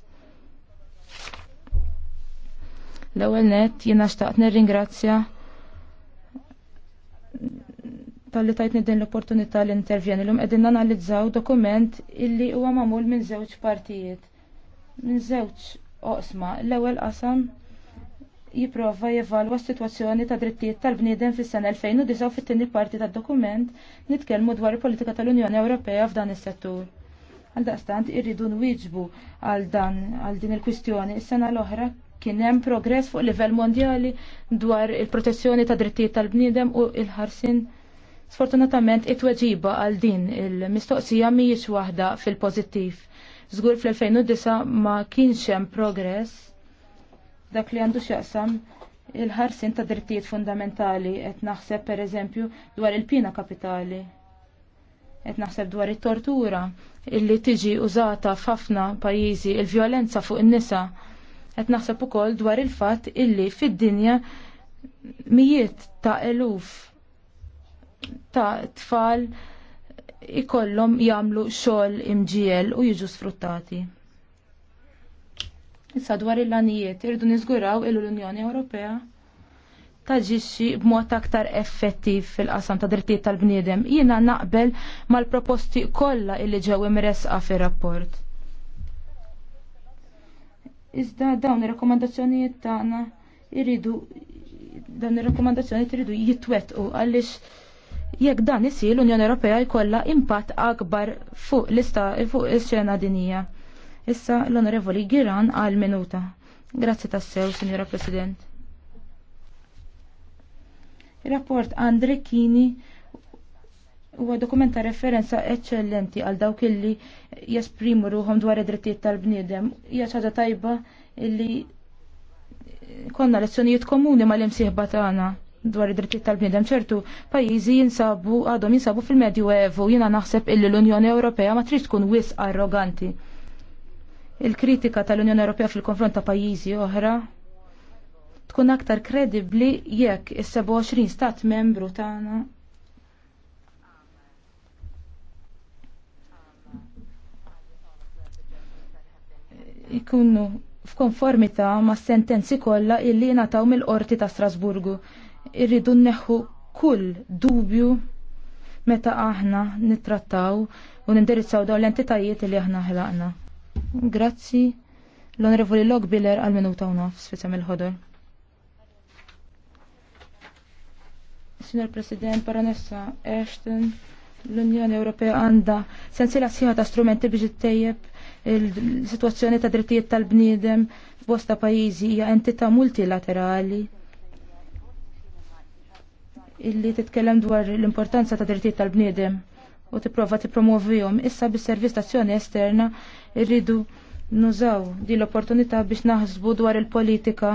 S3: L-ewel net jena xtaqt nir-ringrazzja tal-li tajtni din l-opportunità li intervjeni l-um edin analizzaw dokument illi huwa mamul minn żewġ partijiet. Minn żewġ oqsma. L-ewel qasam jiprofa jevalwa s-situazzjoni ta' drittijiet tal-bniedem fis-sena 2009 fit-tieni parti tad-dokument nitkellmu dwar il-politika tal-Unjoni Ewropea f'dan is-settur. Għaldaqstant irridu nwieġbu għal dan għal din il-kwistjoni is-sena l-oħra kien hemm progress fuq livell mondjali dwar il-protezzjoni ta' drittijiet tal-bniedem u il-ħarsin Sfortunatament it-tweġiba għal din il-mistoqsija mhijiex waħda fil-pożittiv. Żgur fl-2009 ma kienx hemm progress dak li għandu x'jaqsam il-ħarsin ta' drittijiet fundamentali qed naħseb pereżempju dwar il-pina kapitali. Qed naħseb dwar it-tortura illi tiġi użata f'ħafna pajjiżi, il-vjolenza fuq in-nisa. Qed naħseb ukoll dwar il-fatt illi fid-dinja mijiet ta' eluf ta' tfal ikollhom jagħmlu xogħol imġiel u jiġu sfruttati. Issa dwar il-lanijiet irridu niżguraw il l-Unjoni Ewropea taġixxi b'mod aktar effettiv fil-qasam ta' drittijiet tal-bniedem. Jiena naqbel mal-proposti kollha illi ġew imresqa fir-rapport. Iżda dawn ir-rakkomandazzjonijiet tagħna irridu dawn ir-rakkomandazzjonijiet iridu jitwettqu għaliex jekk dan isir l-Unjoni Ewropea jkollha impatt akbar fuq l-ista fuq is-xena dinija. Issa l-Onorevoli Giran għal minuta. Grazzi tassew, Signora President. Rapport rapport Kini huwa dokumenta referenza eccellenti għal dawk illi jesprimu ruhom dwar id-drittijiet tal-bniedem. Hija ħaġa tajba illi konna lezzjonijiet komuni mal-imsieħba tagħna dwar id-drittijiet tal-bniedem ċertu pajjiżi jinsabu għadhom jinsabu fil-Medju Evu jiena naħseb illi l-Unjoni Ewropea ma trid tkun wis arroganti il-kritika tal-Unjoni Ewropea fil-konfront ta' pajjiżi oħra tkun aktar kredibbli jekk is-27 stat membru tagħna ikunu f'konformità mas sentenzi kollha illi jingħataw mill-Qorti ta' Strasburgu. Irridu nneħħu kull dubju meta aħna nittrattaw u nindirizzaw dawn l-entitajiet li aħna ħlaqna. Grazzi l-Onorevoli Logbiller għal minuta u nofs fissam il-ħodor. Signor President, Baronessa Ashton, l-Unjoni Ewropea għanda sensiela sħiħa ta' strumenti biex tejjeb il-situazzjoni ta' drittijiet tal-bniedem f'bosta pajjiżi hija entità multilaterali illi titkellem dwar l-importanza ta' drittijiet tal-bniedem u tipprova tippromovihom issa bis-servizz tazzjoni esterna irridu nużaw di l-opportunità biex naħsbu dwar il-politika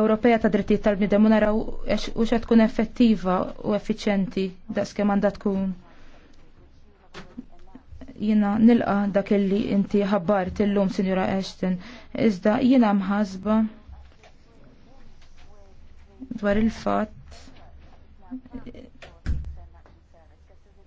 S3: Ewropea ta' drittijiet tal-bnidem u naraw u xa tkun effettiva u effiċenti daqskemm għandha tkun. Jina nilqa dak illi inti ħabbar illum, Sinjura Ashton, iżda jina mħasba dwar il-fatt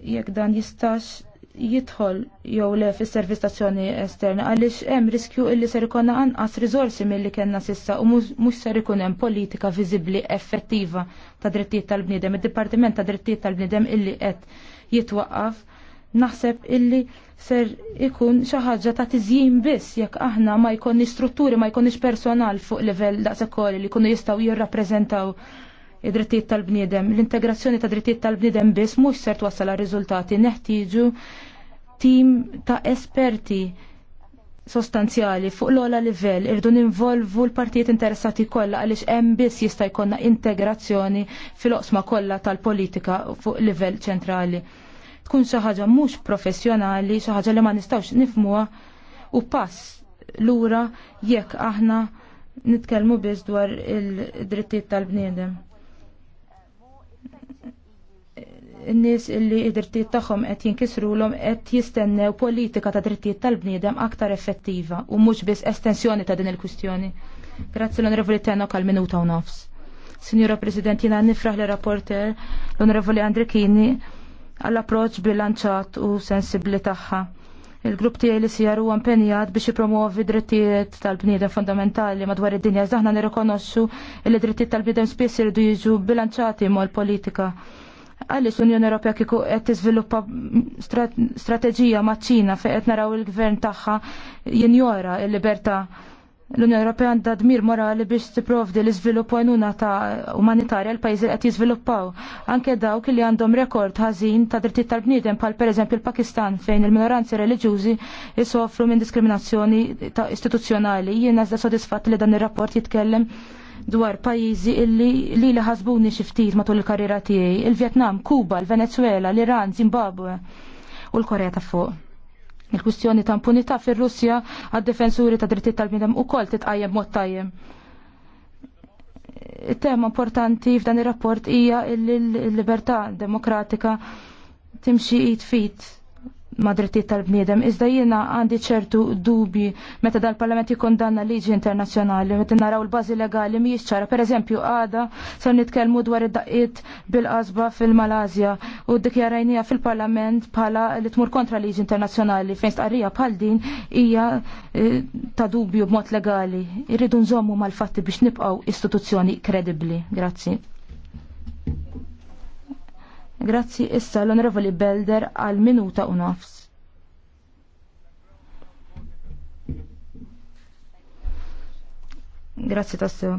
S3: jekk dan jistax jidħol jew le fis-servizz tazzjoni esterna għaliex hemm riskju illi ser ikonna anqas riżorsi milli kellna sissa u mhux ser ikun hemm politika viżibbli effettiva ta' drittijiet tal-bniedem. Id-Dipartiment ta' drittijiet tal-bniedem illi qed jitwaqqaf naħseb illi ser ikun xi ħaġa ta' tiżjin biss jekk aħna ma jkollni strutturi ma jkollniex personal fuq livell ukoll li jkunu jistgħu jirrappreżentaw id-drittijiet tal-bniedem. L-integrazzjoni ta' drittijiet tal-bniedem biss mhux ser twassal riżultati neħtieġu tim ta' esperti sostanzjali fuq l-ola livell irdu ninvolvu l-partijiet interessati kollha għaliex hemm biss jista' jkollna integrazzjoni fil-oqsma kollha tal-politika fuq livell ċentrali. Tkun xi ħaġa mhux professjonali, xi ħaġa li ma nistgħux nifmuha u pass lura jekk aħna nitkellmu biss dwar il-drittijiet tal-bniedem. n-nies illi id-drittijiet tagħhom qed lhom qed jistennew politika ta' drittijiet tal-bniedem aktar effettiva u mhux biss estensjoni ta' din il-kwistjoni. Grazzi l-Onorevoli Tenok għal minuta u nofs. Signora President, jiena nifraħ l rapporter l-Onorevoli Andrikini għall approċċ bilanċat u sensibbli tagħha. Il-grupp tiegħi li sijar huwa impenjat biex jipromuovi drittijiet tal-bniedem fundamentali madwar id-dinja. Aħna nirrikonoxxu li drittijiet tal-bniedem spiss iridu jiġu bilanċati mal-politika għaliex l-Unjoni Ewropea kieku qed tiżviluppa strateġija maċ-Ċina fejn qed naraw il-gvern tagħha jinjora l-libertà. L-Unjoni Ewropea għandha dmir morali biex tipprovdi l-iżvilupp għajnuna ta' umanitarja l pajjiżi qed jiżviluppaw. Anke dawk li għandhom rekord ħażin ta' drittijiet tal-bniedem bħal pereżempju l-Pakistan fejn il-minoranzi reliġjużi jisofru minn diskriminazzjoni ta' istituzzjonali. Jiena iżda sodisfatt li dan ir-rapport jitkellem dwar pajjiżi illi li li ħasbuni xiftit matul il-karriera tiegħi, il-Vjetnam, Kuba, il-Venezuela, l-Iran, Zimbabwe u l-Korea ta' fuq. Il-kwistjoni ta' impunità fir-Russja għad defensuri ta' drittit tal-bniedem ukoll titqajjem mod tajjem. Tema importanti f'dan ir-rapport hija l-libertà demokratika timxi id fit madretti tal-bniedem, iżda jiena għandi ċertu dubi meta dal-Parlament jikondanna liġi internazzjonali, meta naraw l-bażi legali mhijiex ċara. Pereżempju għada ser nitkellmu dwar id-daqqiet bil-qasba fil-Malazja u dikjarajnija fil-Parlament bħala li tmur kontra liġi internazzjonali fejn stqarrija bħal din hija e, ta' dubju b'mod legali. Irridu nżommu mal-fatti biex nibqgħu istituzzjoni kredibbli. Grazzi. Grazzi issa l-Onorevoli Belder għal minuta u nofs. Grazzi tassu.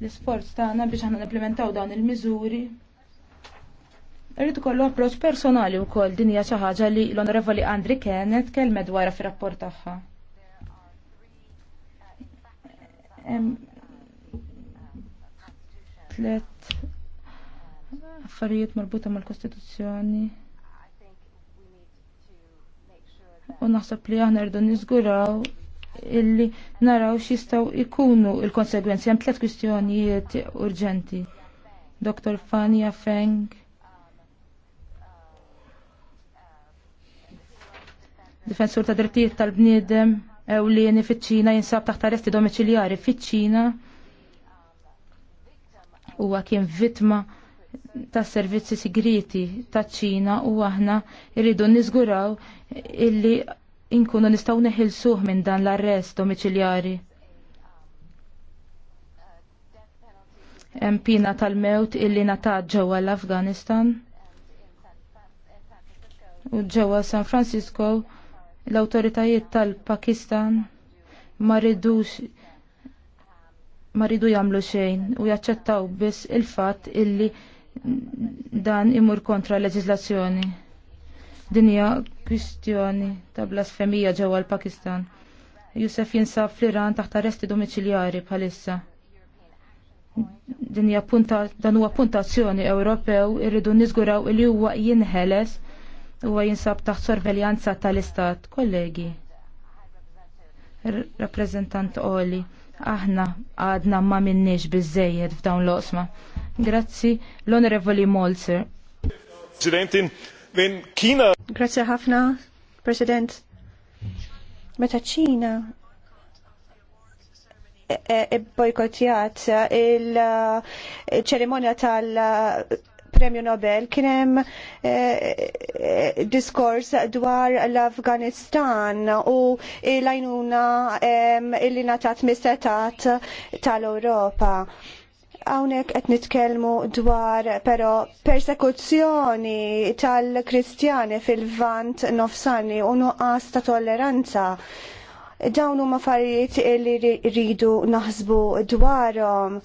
S3: L-isforz tagħna biex aħna implementaw dawn il-miżuri Irrid ikollu approċċ personali wkoll din hija xi ħaġa li l-Onorevoli Andri kienet kelmed dwarha fir-rapport tagħha tlet affarijiet marbuta mal-Kostituzzjoni. U naħseb li aħna rridu niżguraw illi naraw x'jistgħu jkunu il-konsegwenzi hemm tliet kwistjonijiet urġenti. Dr. Fania Feng. Difensur ta' drittijiet tal-bniedem ewlieni fiċ-Ċina jinsab taħt arresti domiċiljari fiċ-Ċina huwa kien vittma ta' servizzi sigriti ta' ċina u aħna irridu niżguraw illi inkunu nistgħu neħilsuh minn dan l-arrest domiċiljari. Empina tal-mewt illi nata' ġewwa l-Afganistan u ġewwa San Francisco l-awtoritajiet tal-Pakistan ma rridux ma ridu jagħmlu xejn u jaċċettaw biss il-fatt illi dan imur kontra l-leġiżlazzjoni. Din hija kwistjoni ta' blasfemija ġewwa l-Pakistan. Jusef jinsab fl-Iran taħt arresti domiċiljari bħalissa. Dinja punta dan huwa puntazzjoni Ewropew irridu niżguraw illi huwa jinħeles huwa jinsab taħt sorveljanza tal-Istat, kollegi. Rappresentant Oli aħna għadna ma minniex bizzejed f'dawn l-osma. Grazzi,
S4: l-Onorevoli Molzer. Presidentin, Kina. Grazzi ħafna, President. Meta ċina e- e- e- bojkotjat il-ċerimonja tal- premju Nobel kien hemm eh, eh, diskors dwar l-Afganistan u l-għajnuna eh, illi natat mistetat tal-Ewropa għawnek qed nitkellmu dwar pero persekuzzjoni tal-Kristjani fil-vant nofsani u nuqqas ta' tolleranza. Dawn huma affarijiet li rridu naħsbu dwarhom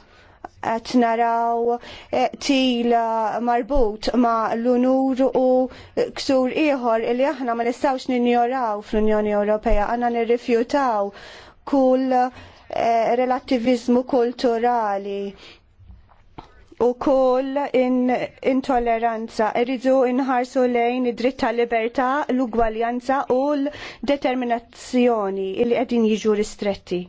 S4: qed naraw e, til marbut ma' l-unur u ksur ieħor li aħna ma nistgħux ninjoraw fl-Unjoni Ewropea, għanna nirrifjutaw kull e, relativizmu kulturali u koll in intolleranza. Irridu inħarsu lejn id-dritt tal libertà, l-ugwaljanza u l-determinazzjoni li qegħdin jiġu ristretti.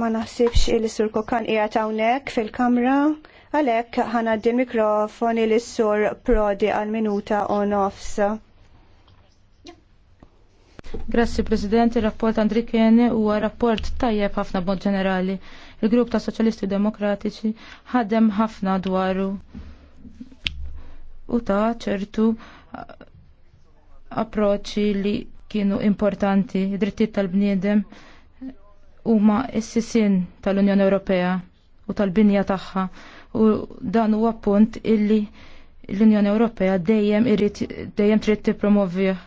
S4: ma naħsibx il-sur Kokan qiegħed hawnhekk fil-kamra, għalhekk ħanaddi l-mikrofon il-sur Prodi għal minuta u nofs.
S3: Grazie, President, il-rapport Andrikene huwa rapport tajjeb ħafna b'mod ġenerali. Il-grupp ta' Soċjalisti Demokratiċi ħadem ħafna dwaru u ta' ċertu approċċi li kienu importanti, id-drittijiet tal-bniedem huma s-sisin tal-Unjoni Ewropea u tal-binja tagħha u dan huwa punt illi l-Unjoni Ewropea dejjem irid dejjem trid tippromovih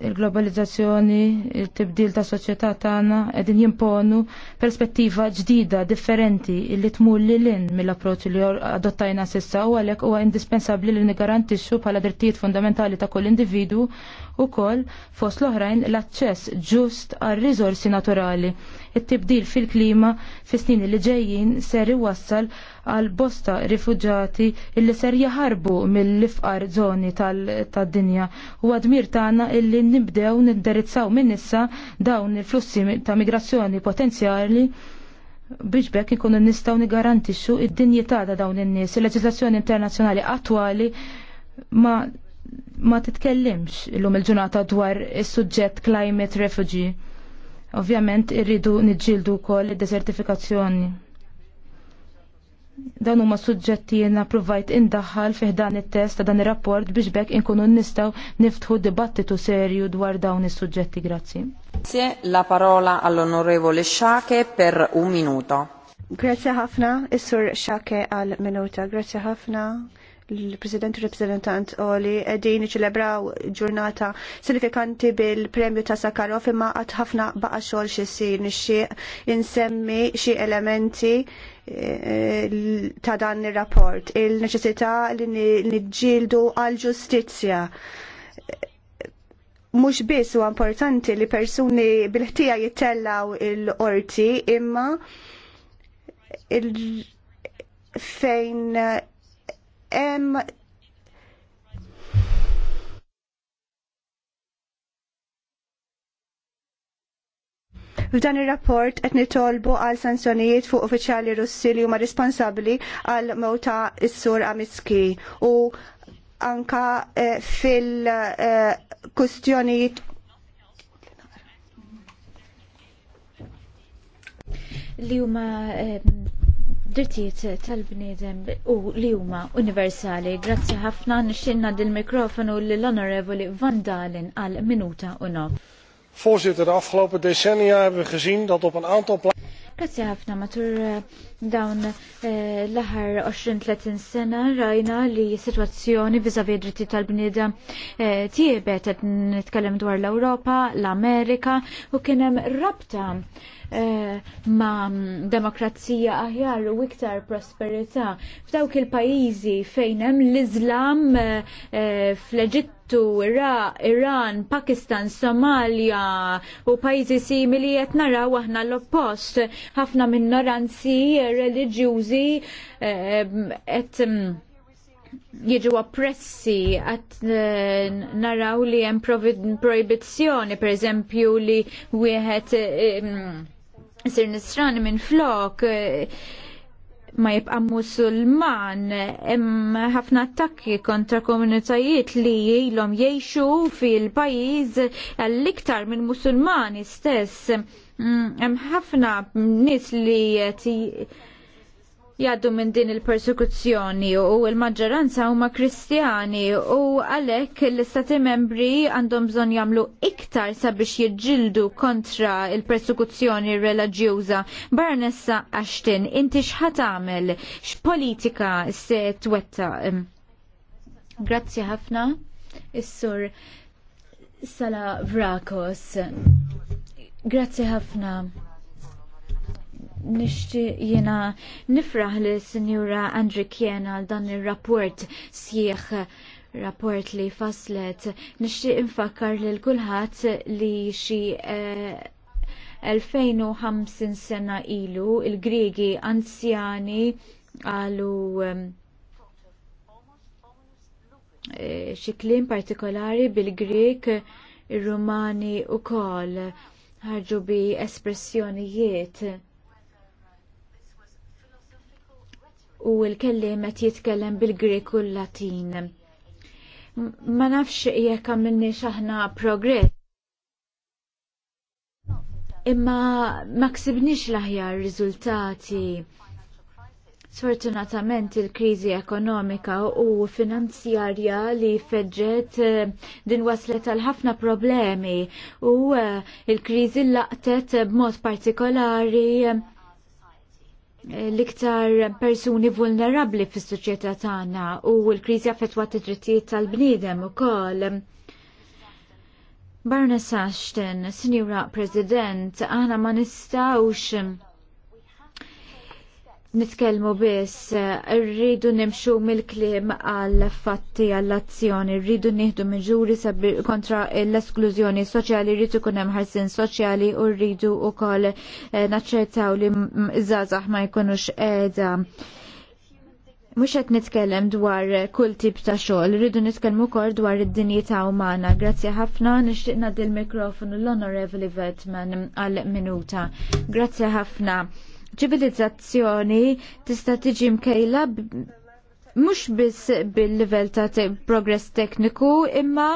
S3: il-globalizzazzjoni, il-tibdil ta' soċjetà tagħna qegħdin jimponu perspettiva ġdida, differenti li tmur li lin mill-approċċ li adottajna sissa u għalhekk huwa indispensabbli li nigarantixxu bħala drittijiet fundamentali ta' kull individu ukoll fost l-oħrajn l-aċċess ġust għar riżorsi naturali. It-tibdil fil-klima fis-snin li ġejjin ser iwassal għal bosta rifuġati illi ser jaħarbu mill-ifqar zoni tal-dinja u għadmir tagħna illi nibdew nindirizzaw minn issa dawn il-flussi ta' migrazzjoni potenzjali biex bekk ikunu nistgħu nigarantixxu id-dinjità ta' dawn in-nies. Il-leġiżlazzjoni internazzjonali attwali ma ma titkellimx illum il ġunata dwar is-suġġett climate refugee. Ovvjament irridu niġġieldu wkoll id-desertifikazzjoni. Dan huma suġġetti jiena provajt indaħħal fih dan it-test ta' dan ir-rapport biex bekk inkunu nistgħu niftħu dibattitu
S4: serju dwar
S3: dawn is-suġġetti. Grazzi.
S1: Grazie, la parola all'onorevole Sciache per un minuto.
S4: Grazie ħafna, is-sur Shake għal minuta. Grazie ħafna l-President u Oli din iċelebraw ġurnata sinifikanti bil-premju ta' Sakarov imma għad ħafna baqa xogħol xi jsir nixtieq insemmi xi elementi ta' dan ir-rapport, il-neċessità li niġġieldu għal ġustizzja. Mhux biss huwa importanti li persuni bil-ħtija jittellaw il-qorti imma il fejn hemm F'dan ir-rapport qed nitolbu għal sanzjonijiet fuq uffiċjali Russi li huma responsabbli għal mewta s-sur Amiski u anka eh, fil-kustjonijiet eh,
S2: li huma eh, drittijiet tal-bniedem u li huma universali. Grazzi ħafna nixxinna dil-mikrofonu l-Onorevoli Van Dalen għal minuta u nof.
S1: Voorzitter, de afgelopen decennia hebben we gezien dat op een aantal plaatsen
S2: dawn eh, l-aħħar 20-30 sena rajna li situazzjoni vizavi dritti tal bnida eh, tiebet qed nitkellem dwar l-Ewropa, l-Amerika u kien hemm rabta eh, ma' demokrazija aħjar u iktar prosperità f'dawk il-pajjiżi fejn hemm l-Iżlam fl-Eġittu Iran, Pakistan, Somalia u pajjiżi simili qed naraw aħna l-oppost. Ħafna minoranzi reliġjużi qed eh, mm, jiġu oppressi għat eh, naraw li hemm proibizzjoni, per eżempju, li wieħed eh, mm, sir nisran minn flok ma jibqa musulman hemm ħafna attakki kontra komunitajiet li jilom jgħixu fil-pajjiż għall-iktar minn musulmani stess Mm, hemm ħafna nies li jgħaddu minn din il-persekuzzjoni u l maġġoranza huma kristjani u għalhekk l-istati membri għandhom bżonn jagħmlu iktar sabiex jiġġieldu kontra il-persekuzzjoni reliġjuża. Barnessa Ashton, inti x'ħat tagħmel? X'politika se twetta? Grazzi ħafna, is-sur Sala Vrakos. Grazzi ħafna. Nishti jena nifraħ li Sinjura Andri Kiena għal dan il-rapport sieħ rapport li faslet. Nishti infakkar li l-kulħat li xi eh, 2050 sena ilu il-Griegi anzjani għalu ehm, eh, xi kliem partikolari bil grieg ir-Rumani u kol ħarġu bi espressjonijiet u l kellimet qed jitkellem bil-Grek u l-Latin. Ma nafx jekk għamilni aħna progress. Imma ma ksibniex l-aħjar riżultati Sfortunatament il-kriżi ekonomika u finanzjarja li feġġet eh, din waslet għal ħafna problemi u eh, il-kriżi laqtet b'mod partikolari eh, l-iktar persuni vulnerabli fis soċjetà tagħna u l-kriżi affettwat id-drittijiet tal-bniedem ukoll. Barnes Ashton, Sinjura President, aħna ma nistawx nitkellmu biss, eh, rridu nimxu mill-klim għal fatti għall azzjoni rridu nieħdu miġuri kontra l-esklużjoni soċjali, rridu kun hemm ħarsin soċjali u rridu wkoll eh, naċċertaw li żgħażagħ ma jkunux qiegħda. Mhux qed nitkellem dwar kull tip ta' xogħol, rridu nitkellmu wkoll dwar id-dinjità umana. Grazzi ħafna, nixtieq ngħaddi l-mikrofonu l-Onorevoli Vetman għal minuta. Grazzi ħafna ċivilizzazzjoni tista' tiġi mkejla mhux biss bil-livell ta' progress tekniku imma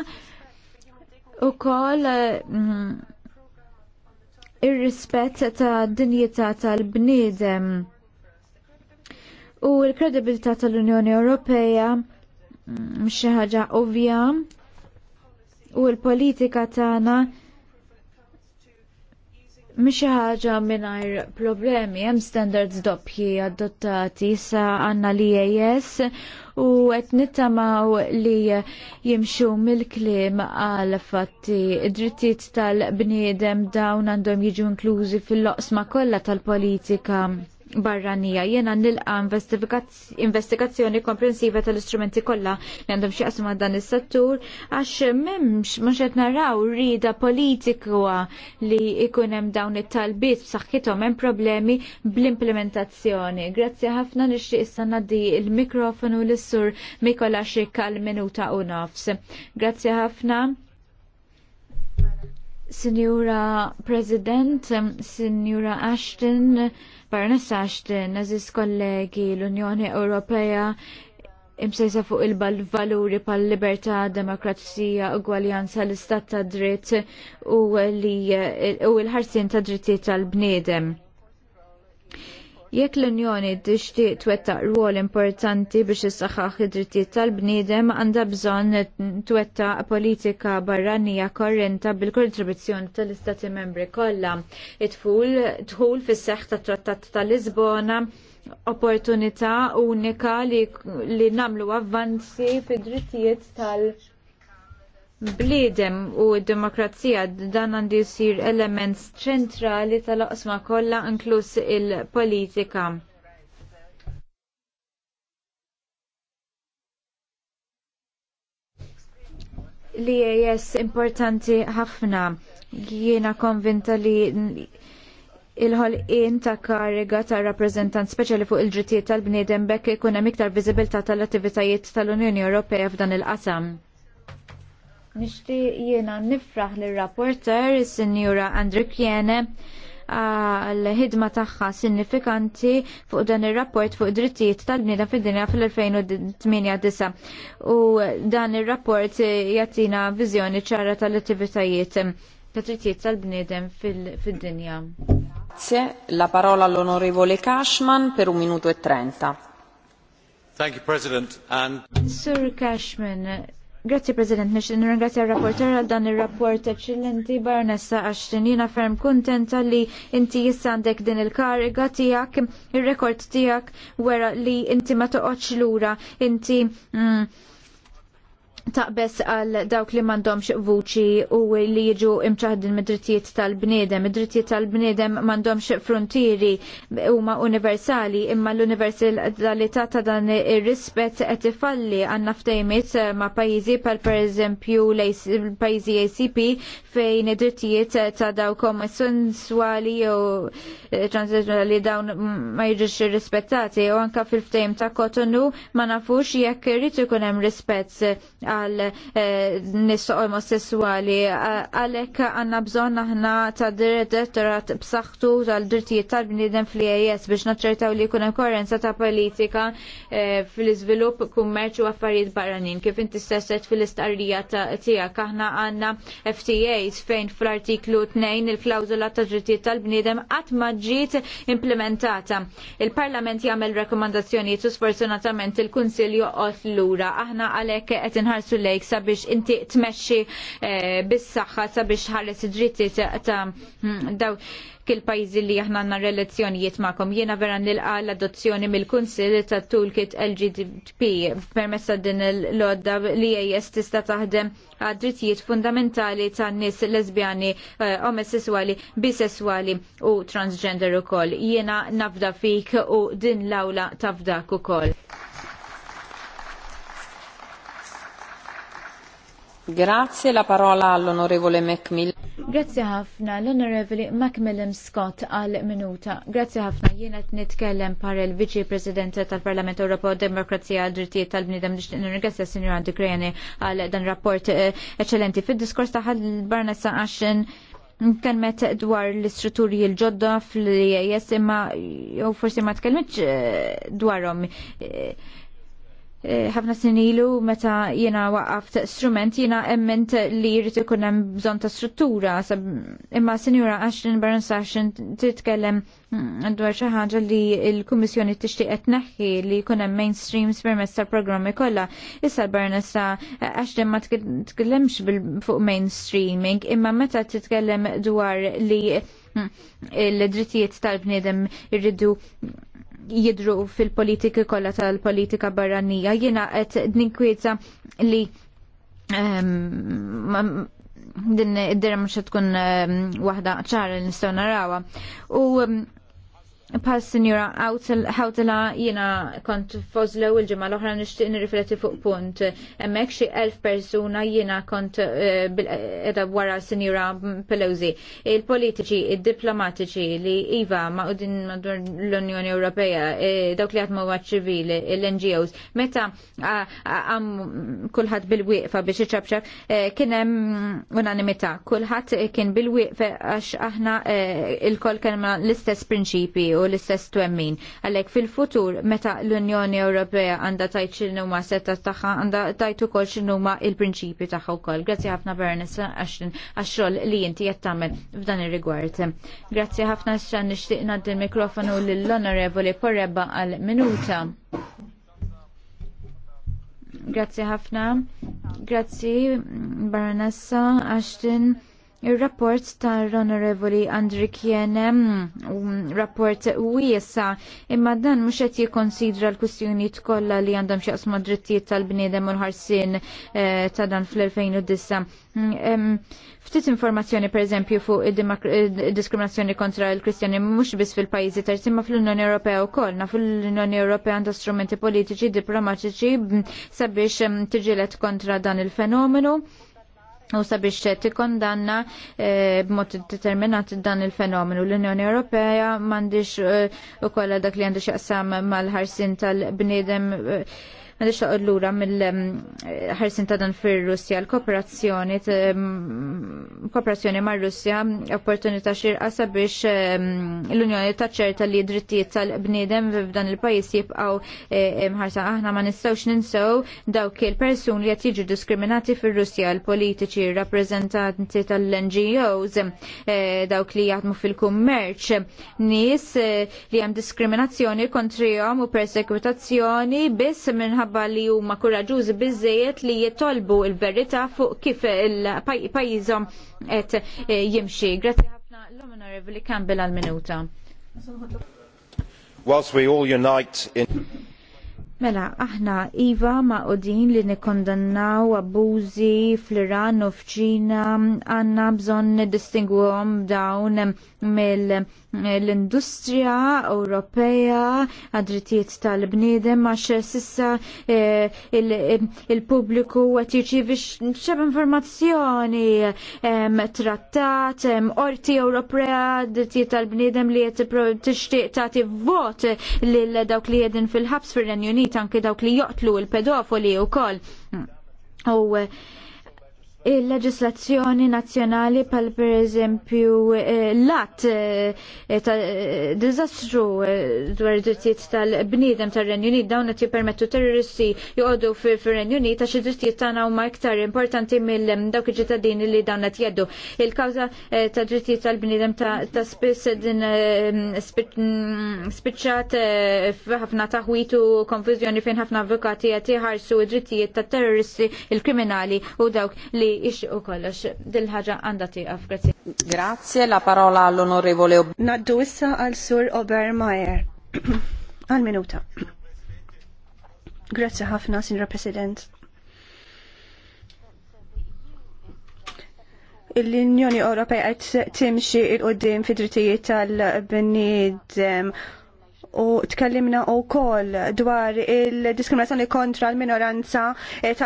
S2: ukoll mm, ir-rispett ta' dinjità tal-bniedem u l-kredibilità tal-Unjoni Ewropea mm, xi ħaġa ovvja u l-politika tagħna Mhix ħaġa mingħajr problemi, hemm standards doppji adottati sa għandna li EAS u qed nittamaw li jimxu mill-kliem għal fatti id-drittijiet tal-bniedem dawn għandhom jiġu inklużi fil-loqsma kollha tal-politika barranija. Jena nilqa investigazzjoni komprensiva tal-istrumenti kollha li għandhom xi qasma dan is-settur għax m'hemmx mhux qed naraw rida politika li jkun hemm dawn it-talbiet b'saħħithom hemm problemi bl-implementazzjoni. Grazzi ħafna nixtieq issa ngħaddi l-mikrofonu lis-sur Mikola l minuta u nofs. Grazzi ħafna. Signora President, Sinjura Ashton, Baronessa Ashton, Aziz kollegi l-Unjoni Ewropea imsejsa fuq il-valuri pal libertà demokrazija, ugwaljanza l-istat ta' dritt u, l-ħarsien ta' drittijiet tal-bniedem Jekk l-Unjoni tixtieq twettaq rwol importanti biex issaħħaħ id-drittijiet tal-bniedem għandha bżonn twettaq politika barranija korrenta bil-kontribuzzjoni tal-Istati membri kollha. It-tful dħul fis-seħħ tat-Trattat tal-Lisbona opportunità unika li, li namlu avvanzi fid-drittijiet tal-bniedem bliedem u d-demokrazija dan għandu jisir element ċentrali tal-oqsma kollha inkluż il-politika. Li jes importanti ħafna jiena konvinta li il-ħolqien ta' kariga ta' rappreżentant speċjali fuq il-drittijiet tal-bniedem bekk ikun hemm iktar viżibilità tal-attivitajiet tal-Unjoni Ewropea f'dan il-qasam. Nishti jiena nifraħ l-rapporter, il-Sinjura Andrikjene, l ħidma tagħha sinifikanti fuq dan ir-rapport fuq drittijiet tal-bnieda fid-dinja fil-2008 u dan ir-rapport jagħtina viżjoni ċara tal-attivitajiet tal drittijiet tal-bniedem fid-dinja. Grazie,
S1: la parola all'onorevole Cashman per un minuto e trenta.
S4: Thank you, President. And...
S2: Sir Cashman, Grazzi President, nixtin ringrazzja r-rapporter għal dan il-rapport eċċellenti, Baronessa Ashton. Jina ferm kontenta li inti jissandek għandek din il-kariga tijak, il-rekord tijak, wera li inti ma toqoċ lura, inti mm, taqbess għal dawk li mandomx vuċi u li jiġu imċaħdin mid-drittijiet tal-bnedem. Mid-drittijiet tal-bnedem mandomx frontieri u ma universali imma l-universalità ta' dan ir-rispet qed ifalli għandna ftejmiet ma' pajjiżi pal per eżempju pajjiżi ACP fejn id-drittijiet ta' dawk omosessuali u transessuali dawn ma jiġux irrispettati u anka fil-ftejm ta' Kotonu ma nafux jekk irid ikun hemm rispett għal eh, nis omosessuali. Għalhekk għandna bżonn aħna ta' direttorat b'saħħtu tal-drittijiet tal-bniedem fl-IAS biex naċċertaw li jkun hemm ta' politika eh, fl izvilup kummerċ u affarijiet barranin. Kif inti stesset fil istarrija tiegħek aħna għandna FTAs fejn fl-artiklu 2 il klawzula ta' drittijiet tal-bniedem għat ma ġiet implementata. Il-Parlament jagħmel rekomandazzjoni u sfortunatament il-Kunsill joqgħod lura. Aħna għalhekk qed inħarsu jħarsu lejk sabiex inti tmexxi eh, bis-saħħa sabiex ħares id-dritti ta' hmm, daw kil pajzi li aħna għandna relazzjonijiet magħhom. Jiena vera nilqa l-adozzjoni mill-Kunsil ta' Toolkit LGDP ta' din l lodda li jes tista' taħdem għad-drittijiet fundamentali ta' nis lesbjani, eh, omosessuali, bisessuali u transgender ukoll. Jiena nafda fik u din l-awla tafdak ukoll.
S1: Grazie, la parola all'onorevole Macmillan.
S2: Grazie ħafna, l-onorevoli Macmillan Scott għal minuta. Grazie ħafna, jiena nitkellem par il-Viċi President tal-Parlament Europeo Demokrazija għal drittijiet tal-bnidem nixtieq nirringrazzja Sinjora Dikrejani għal dan rapport eh, eċċellenti. Fid-diskors ta' Barnessa Ashen kelmet dwar l-istrutturi l-ġodda fl-IAS imma jew forsi ma tkellmitx eh, dwarhom eh, Eh, ħafna snin ilu meta jiena ta' strument jiena emment li jrid ikun hemm bżonn ta' struttura imma sinjura Ashton Baron Sashin titkellem dwar xi ħaġa li l-Kummissjoni tixtieq qed neħħi li jkun hemm mainstreams permezz tal-programmi kollha. Issa Baronessa Ashton ma tkellemx fuq mainstreaming imma meta titkellem dwar li hm, l-drittijiet tal-bniedem irridu jidru fil-politika kollha tal-politika barranija. Jiena qed ninkwieta li ehm, din id-dira mhux tkun wahda ehm, waħda ċara li nistgħu narawha. U um, Pal sinjura ħawtila jina kont fozlu il ġemma l-oħra nishtiq nirrifletti fuq punt. Emmek xi elf persuna jina kont eh, eh, edha wara sinjura Pelosi. Il-politiċi, il-diplomatiċi li iva ma' udin madwar l-Unjoni Ewropea, eh, dawk li għatmu ċivili, l-NGOs, meta għam kullħat bil-wieqfa biex iċabċab, kienem unanimita. Kullħat kien bil-wieqfa għax aħna il-kol kelma l-istess prinċipi u u l-istess twemmin. Għalhekk fil-futur meta l-Unjoni Ewropea għandha tajt x'inhuma setta tagħha għandha tajt ukoll x'inhuma il-prinċipji tagħha wkoll. Grazzi ħafna Bernes Ashton għax-xogħol li jinti qed tagħmel f'dan ir-rigward. Grazzi ħafna xan nixtieq d l-mikrofonu lill-Onorevoli Porreba għal minuta. Grazzi ħafna. Grazzi Baronessa Ashton Il-rapport tal-Onorevoli Andri Kiene, um, rapport wiesa, imma dan mhux qed jikkonsidra l-kwistjonijiet kollha li għandhom xaqsma drittijiet tal-bniedem u l-ħarsin eh, ta' dan fl-2009. Mm, ftit informazzjoni eżempju, fuq id-diskriminazzjoni kontra l-Kristjani mhux biss fil-pajjiżi terzi ma fl-Unjoni Ewropea wkoll, naf l-Unjoni Ewropea għandha strumenti politiċi, diplomatiċi sabiex tiġilet kontra dan il-fenomenu u sabiex tikkondanna eh, b'mod determinat dan il-fenomenu. L-Unjoni Ewropea m'għandix eh, ukoll dak li għandu x'aqsam mal-ħarsin tal-bniedem eh, għaliex toqgħod lura mill-ħarsin ta' dan fir-Russja l-kooperazzjoni kooperazzjoni mar-Russja opportunità xirqa sabiex l-Unjoni taċċerta li drittijiet tal-bniedem f'dan il-pajjiż jibqgħu e, mħarsa aħna ma nistgħux ninsew dawk il-persuni li qed jiġu diskriminati fir-Russja l-politiċi rappreżentanti tal-NGOs e, dawk li jaħdmu fil-kummerċ nies e, li hemm diskriminazzjoni kontrijom u persekutazzjoni biss minħabba minħabba li huma kuraġużi biżejjed li jitolbu il-verità fuq kif il-pajjiżhom qed eh, jimxi. Grazzi ħafna l-Onorevoli Campbell għal-minuta.
S1: Whilst we all unite in
S2: Mela, aħna Iva ma' Odin li nikondannaw abbużi fl-Iran u f'ċina għanna bżon distinguhom dawn mill- l-industrija Ewropea għad-drittijiet tal-bniedem għax sissa eh, il-pubbliku qed jirċievi x'eb informazzjoni trattat orti Ewropea drittijiet tal-bniedem li qed tixtieq tagħti vot lil dawk li jedin fil-ħabs fir-Renju Unit anke dawk li joqtlu l pedofoli wkoll. U il-leġislazzjoni nazzjonali pal per eżempju eh, l-att eh, ta' eh, dizastru dwar id drittijiet tal-bnidem tar renju Unit dawn qed jippermettu terroristi joqogħdu fir-Renju Unit għax id-drittijiet tagħna huma iktar importanti mill mm, dawk il-ċittadini li dawn qed jeddu. Il-kawża ta' drittijiet tal-bniedem ta' spiss din mm, spiċċat ħafna taħwit u konfużjoni fejn ħafna avukati qed jħarsu id-drittijiet tat terroristi il-kriminali u dawk li li jixtiqu kollox. Dil-ħaġa
S4: għandha tieqaf, Grazie.
S1: Grazie, la parola all'onorevole Ob... Naddu issa għal Sur Obermeier. għal minuta.
S4: Grazie ħafna, Sinra President. l-Unjoni Ewropea qed timxi l qudiem fid-drittijiet tal-bniedem u tkellimna u kol dwar il-diskriminazzjoni kontra l-minoranza eh,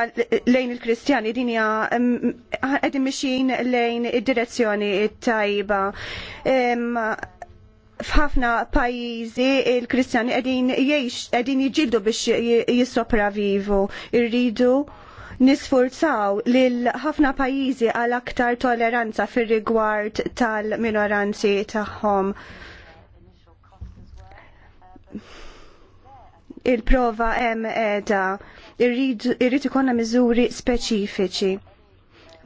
S4: lejn il-kristjani dinja mm, mm, għedin mixin lejn id-direzzjoni tajba. F'ħafna pajjiżi il-kristjani qegħdin jgħix qegħdin jiġġieldu biex jissopravivu irridu nisfurzaw lil ħafna pajjiżi għal aktar toleranza fir-rigward tal-minoranzi tagħhom. Ta il-prova hemm qiegħda irrid ikollna miżuri speċifiċi.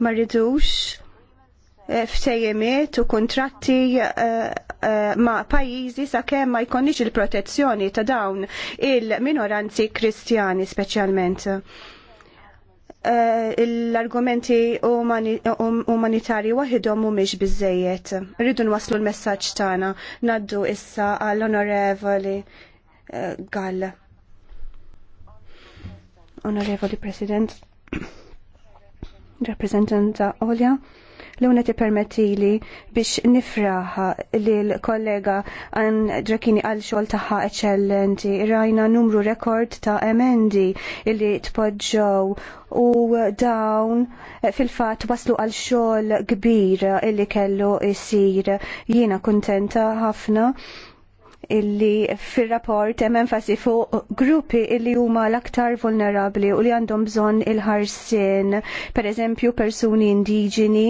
S4: Ma rridux eh, ftejjemiet u kontratti eh, eh, ma' pajjiżi sakemm ma jkunniex il-protezzjoni ta' dawn il-minoranzi kristjani speċjalment. Eh, l-argumenti um-, umanitarji waħidhom mhumiex biżejjed. Rridu nwaslu l-messaġġ tagħna naddu issa għall-Onorevoli eh, Gall. Onorevoli President, rappresentanta Olja li unet permetti biex nifraħa li l-kollega għan drakini għal xol taħħa eċellenti. Rajna numru rekord ta' emendi li tpoġġow u dawn fil-fat waslu għal xol kbir li kellu jisir. Jiena kontenta ħafna illi fil-rapport hemm enfasi fuq gruppi illi huma l-aktar vulnerabbli u li għandhom bżonn il-ħarsien, per eżempju persuni indiġeni,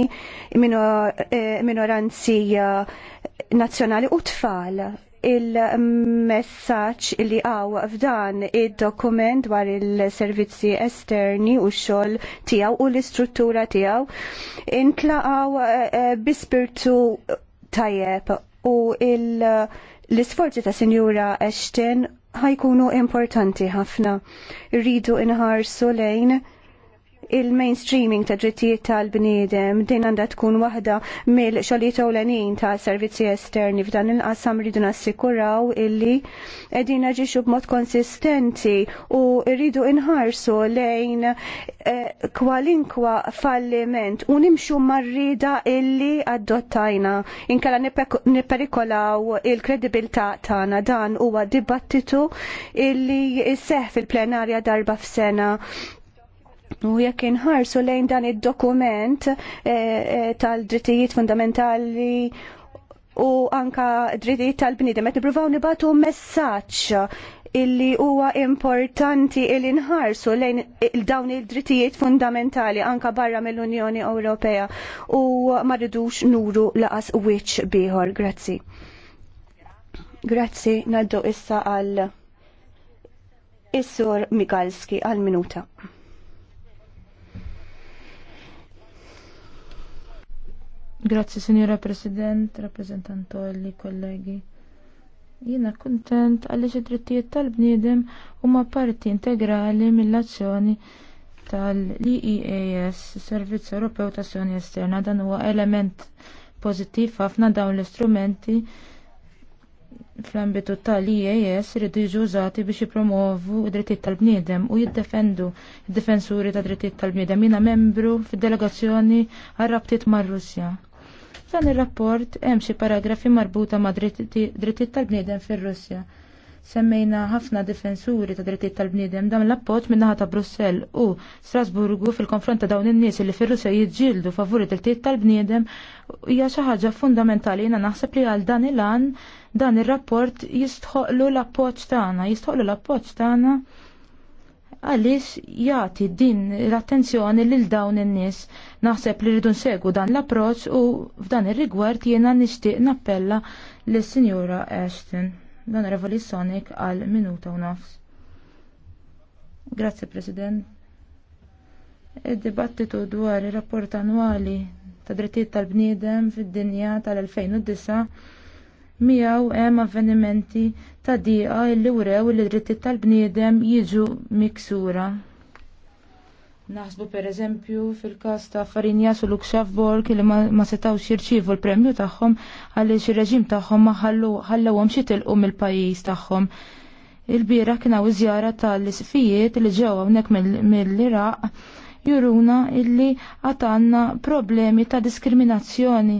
S4: eh, minoranzija eh, nazzjonali u tfal il-messaċ li għaw f'dan id-dokument dwar il-servizzi esterni u xol tijaw u l-istruttura tijaw intlaqaw eh, bispirtu tajjeb u il- L-isforzi ta' Sinjura Ashton ħajkunu importanti ħafna. Rridu inħarsu lejn il-mainstreaming ta' drittijiet tal-bniedem din għandha tkun waħda mill-xogħlijiet ewlenin ta' servizzi esterni f'dan il-qasam rridu nassikuraw illi qegħdin naġixxu b'mod konsistenti u rridu inħarsu lejn eh, kwalinkwa falliment u nimxu marrida illi adottajna inkella nipperikolaw il-kredibilità tagħna dan huwa dibattitu illi jseħħ fil-plenarja darba f'sena U jekk inħarsu lejn dan id-dokument eh, eh, tal-drittijiet fundamentali u anka drittijiet tal-bnidem qed nippruvaw nibatu messaġġ illi huwa importanti il inħarsu lejn dawn il-drittijiet fundamentali anka barra mill-Unjoni Ewropea u ma rridux nuru laqas wiċċ bieħor. Grazzi. Grazzi, naddu issa għal Is-sur Migalski għal minuta.
S3: Grazzi, Signora President, rappresentantolli, kollegi. Jina kontent għalli drittijiet tal-bniedem huma parti integrali mill-azzjoni tal-EEAS, Servizz Ewropew ta' Azzjoni Esterna, dan huwa element pożittiv ħafna dawn l-istrumenti fl-ambitu tal-EAS e rridu jiġu użati biex jipromovu id-drittijiet tal-bniedem u jiddefendu id-difensuri ta' drittijiet tal-bniedem. Jina membru fid-delegazzjoni għar-rabtiet mar-Russja. F'dan ir-rapport hemm xi paragrafi marbuta ma' drittijiet tal-bniedem fir-Russja. Semmejna ħafna difensuri ta' drittijiet tal-bniedem dan l-appoġġ min-naħa ta' Brussell u Strasburgu fil-konfront ta' dawn in-nies li fir-Russja jiġġieldu favuri drittijiet tal-bniedem hija xi ħaġa fundamentali jiena naħseb li għal dan il an dan ir-rapport jistħoqlu l-appoġġ tagħna, jistħoqlu l-appoġġ tagħna għaliex jagħti din l-attenzjoni lil dawn in-nies. Naħseb li rridu segu dan l-approċċ u f'dan ir-rigward jiena nixtieq nappella l sinjura Ashton. Dan Revoli Sonic għal minuta u nofs. Grazie President. Id-dibattitu dwar ir-rapport annwali ta' drittijiet tal-bniedem fid-dinja tal-2009 miegħu hemm avvenimenti ta' diqa illi wrew li dritti tal-bniedem jiġu miksura. Naħsbu per eżempju fil-kas ta' Farinjas u Lukxaf Borg li ma setaw xirċivu l-premju tagħhom għaliex ir-reġim tagħhom ma ħallewhom xi tilqu mill-pajjiż tagħhom. Il-bira kien hawn iżjara tal-isfijiet li ġew hawnhekk mill-Iraq juruna illi għatanna problemi ta' diskriminazzjoni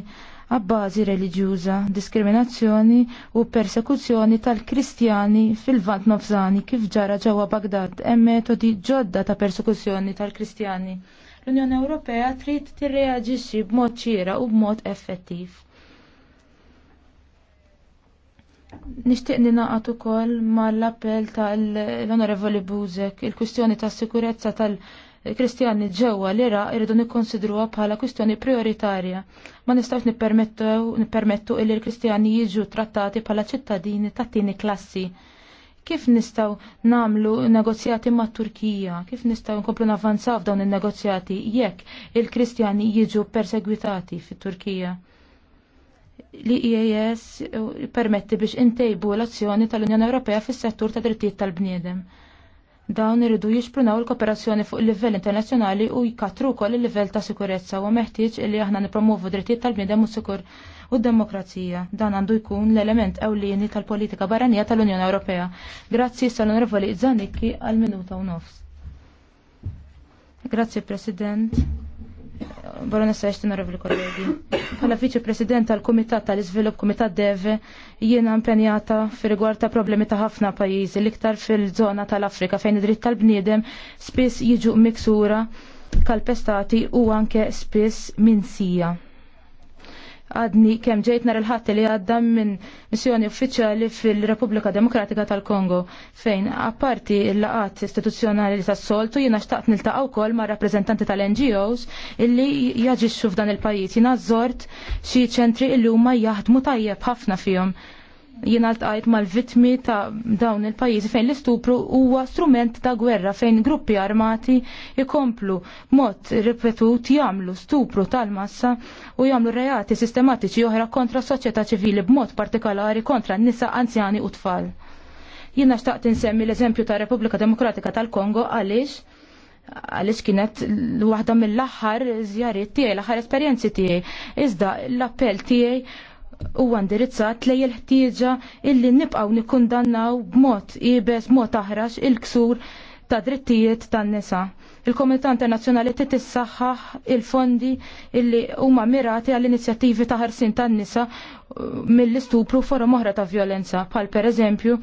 S3: għabbażi reliġjuża, diskriminazzjoni u persekuzzjoni tal-Kristjani fil-Vant Nofżani kif ġara ġewwa Bagdad hemm metodi ġodda ta' persekuzzjoni tal-Kristjani. L-Unjoni Ewropea trid tirreaġixxi b'mod ċira u b'mod effettiv. Nixtieq ninaqat ukoll mal-appell tal-Onorevoli Buzek il-kwistjoni tas-sikurezza tal-, -sikurezza tal il-Kristjani ġewwa l-Iraq irridu nikkonsidruha bħala kwistjoni prioritarja. Ma nistax nippermettu li l-Kristjani jiġu trattati bħala ċittadini ta' tieni klassi. Kif nistaw namlu negozjati ma' Turkija? Kif nistaw nkomplu navanzaw f'dawn il-negozjati jekk il-Kristjani jiġu persegwitati fit-Turkija? li IAS e permetti biex intejbu l-azzjoni tal-Unjoni Ewropea fis-settur ta' drittijiet tal-bniedem. Dawn iridu jixprunaw il-kooperazzjoni fuq il-livell internazzjonali u jkatru wkoll il-livell ta' sikurezza u meħtieġ li aħna nipromovu drittijiet tal-bniedem u sikur u d-demokrazija. Dan għandu jkun l-element ewlieni tal-politika barranija tal-Unjoni Ewropea. Grazzi sal-Onorevoli Zanikki għal minuta u nofs. Grazzi President. Baronessa Eshtin, onorevoli kollegi. Bħala viċi president tal-Kumitat tal izvilup Komitat Deve, jiena impenjata fi rigward ta' problemi ta' ħafna pajjiżi l-iktar fil-żona tal-Afrika fejn id-dritt tal-bniedem spiss jiġu miksura kalpestati u anke spiss minsija għadni kemm ġejt nar il ħatti li għadda minn missjoni uffiċjali fil-Repubblika Demokratika tal-Kongo fejn apparti l-laqat istituzjonali li tas-soltu jiena xtaqt niltaqgħu wkoll ma' rappreżentanti tal-NGOs illi jaġixxu f'dan il-pajjiż. Jiena żort xi ċentri illi huma jaħdmu tajjeb ħafna fihom jiena ltqajt mal-vitmi ta' dawn il-pajjiżi fejn l-istupru huwa strument ta' gwerra fejn gruppi armati jkomplu mod ripetut jagħmlu stupru tal-massa u jagħmlu reati sistematiċi oħra kontra soċjetà ċivili b'mod partikolari kontra n-nisa anzjani u tfal. Jiena xtaqt insemmi l-eżempju ta' Repubblika Demokratika tal-Kongo għaliex għalix kienet l-wahda mill-axħar zjarit tijaj, l-axħar esperienzi tijaj. Iżda l-appell tijaj huwa indirizzat lej il-ħtieġa illi nibqgħu nikkundannaw b'mod ibes, mod taħraġ il-ksur ta' drittijiet tan-nisa. Il-Komunità Internazzjonali titissaħħaħ il-fondi illi huma mirati għall inizjattivi ta' ħarsin tan-nisa uh, mill-istupru forom oħra ta' violenza, bħal pereżempju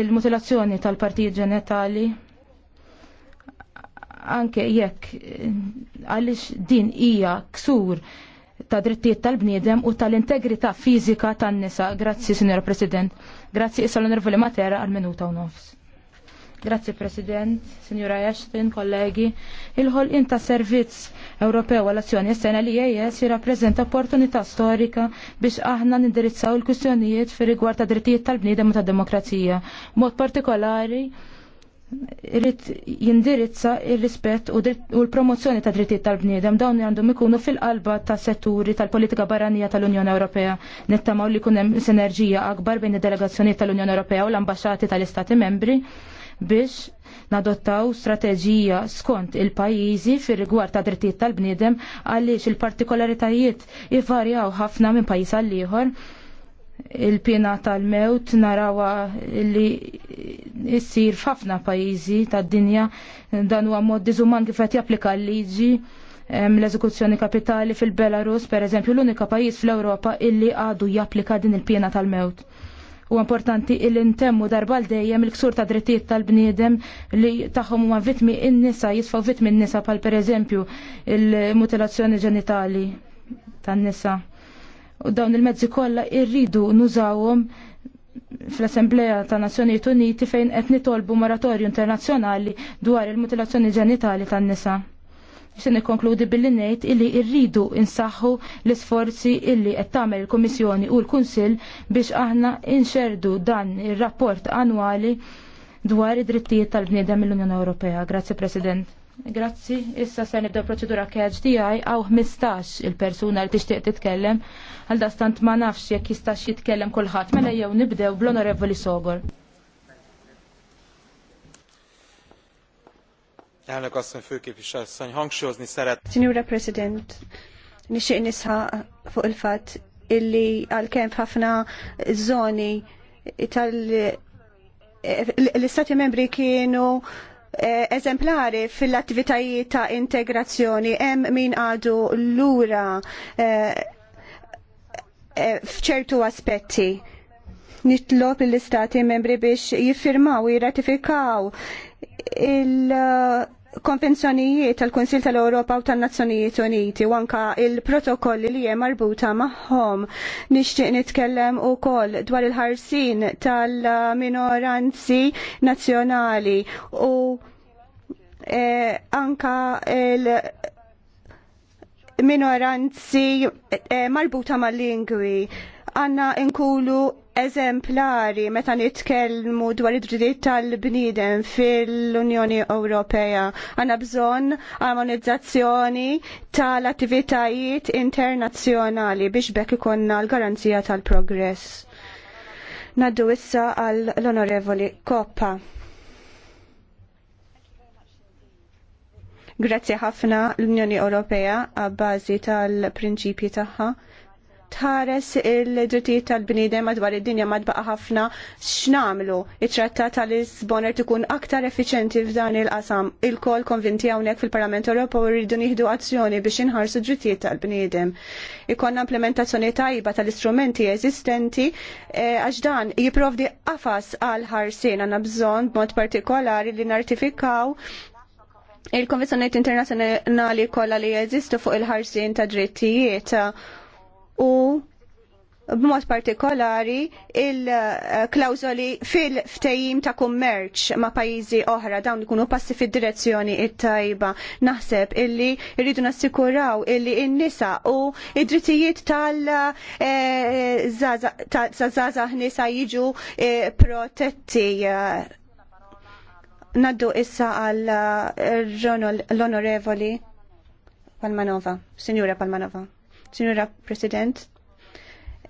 S3: il-mutilazzjoni tal-partijiet ġenetali. anke jekk għaliex din hija ksur ta' drittijiet tal-bniedem u tal-integrità fiżika tan-nisa. Grazzi, Signor President. Grazzi issa l-Onorevoli Matera għal minuta u nofs. Grazzi President, Signora Ashton, kollegi. Il-ħol inta servizz Ewropew għal-azzjoni estena li EES jirrappreżenta opportunità storika biex aħna nindirizzaw il-kwistjonijiet fi rigward ta' drittijiet tal-bniedem u tad demokrazija Mod partikolari irrit jindirizza il-rispett u l-promozzjoni ta' drittijiet tal-bniedem dawn għandhom ikunu fil-qalba ta' setturi tal-politika barranija tal-Unjoni Ewropea. Nittamaw li kunem sinerġija akbar bejn id-delegazzjoni tal-Unjoni Ewropea u l-ambasċati tal-Istati membri biex nadottaw strateġija skont il-pajjiżi fir rigward ta' drittijiet tal-bniedem għaliex il-partikolaritajiet ivarjaw ħafna minn pajjiż għall ieħor il-pina tal-mewt narawa li jissir f'ħafna pajjiżi tad-dinja dan huwa mod diżuman kif qed japplika l-liġi l-eżekuzzjoni kapitali fil-Belarus, per eżempju, l-unika pajjiż fl-Ewropa illi għadu japplika din il-pjena tal-mewt. U importanti illi ntemmu darbal dejjem il-ksur ta' drittijiet tal-bniedem li tagħhom huma vitmi n nisa jisfaw vitmi n-nisa pal per eżempju il-mutilazzjoni ġenitali tan-nisa u dawn il-mezzi kollha irridu nużawhom fl-Assembleja ta' Nazzjonijiet Uniti fejn qed nitolbu moratorju internazzjonali dwar il-mutilazzjoni ġenitali tan-nisa. Se nikkonkludi billi ngħid illi rridu insaħħu l-isforzi illi qed tagħmel il-Kummissjoni u l-Kunsill biex aħna inxerdu dan ir-rapport annwali dwar id-drittijiet tal-bniedem mill-Unjoni Ewropea. Grazzi President. Grazzi, issa se nibda proċedura KHDI għaw 15 il-persuna li tixtieq titkellem għal dastant ma nafx jekk jistax jitkellem kulħadd mela jew nibdew bl-Onorevoli Sogor.
S4: Elnök
S5: asszony, főképviselő asszony, hangsúlyozni szeret.
S4: Signora President, nixtieq nisħaq fuq il fat illi għalkemm f'ħafna żoni tal- l-istati membri kienu eh, eżemplari fil-attivitajiet ta' integrazzjoni hemm min għadu lura eh, Eh, fċertu aspetti. Nitlob l-istati membri biex jiffirmaw, jirratifikaw il- konvenzjonijiet tal-Konsil tal-Europa u tan-Nazzjonijiet Uniti u anka il-protokolli li hemm marbuta magħhom. Nixtieq nitkellem ukoll dwar il-ħarsin tal-minoranzi nazzjonali u eh, anka il- minoranzi eh, marbuta mal-lingwi. Għanna nkunu eżemplari meta nitkellmu dwar id-dritt tal-bniedem fil-Unjoni Ewropea. Għanna bżonn armonizzazzjoni tal-attivitajiet internazzjonali biex bekk ikonna l-garanzija tal-progress. Naddu issa għall-Onorevoli Koppa. Grazzi ħafna l-Unjoni Ewropea għabbażi tal-prinċipji tagħha tħares il-drittijiet tal-bnidem madwar id-dinja madbaqa ħafna x'namlu. t tratta tal-Lisboner tkun aktar effiċenti f'dan il-qasam. Il-kol konvinti hawnhekk fil-Parlament Ewropew irridu nieħdu azzjoni biex inħarsu drittijiet tal-bniedem. Ikonna implementazzjoni tajba tal-istrumenti eżistenti e, għax dan jipprovdi qafas għal ħarsien għandna bżonn b'mod partikolari li nartifikaw il-konvenzjoniet internazzjonali kollha li jeżistu fuq il-ħarsin ta' drittijiet u b'mod partikolari il-klawżoli fil-ftejim ta' kummerċ ma' pajjiżi oħra dawn ikunu passi fid-direzzjoni it-tajba. Naħseb illi rridu nassikuraw illi n-nisa u id-drittijiet tal-żazax eh, eh, nisa jiġu eh, protetti naddu issa għal eh, l-onorevoli Palmanova, Signora Palmanova, Signora President,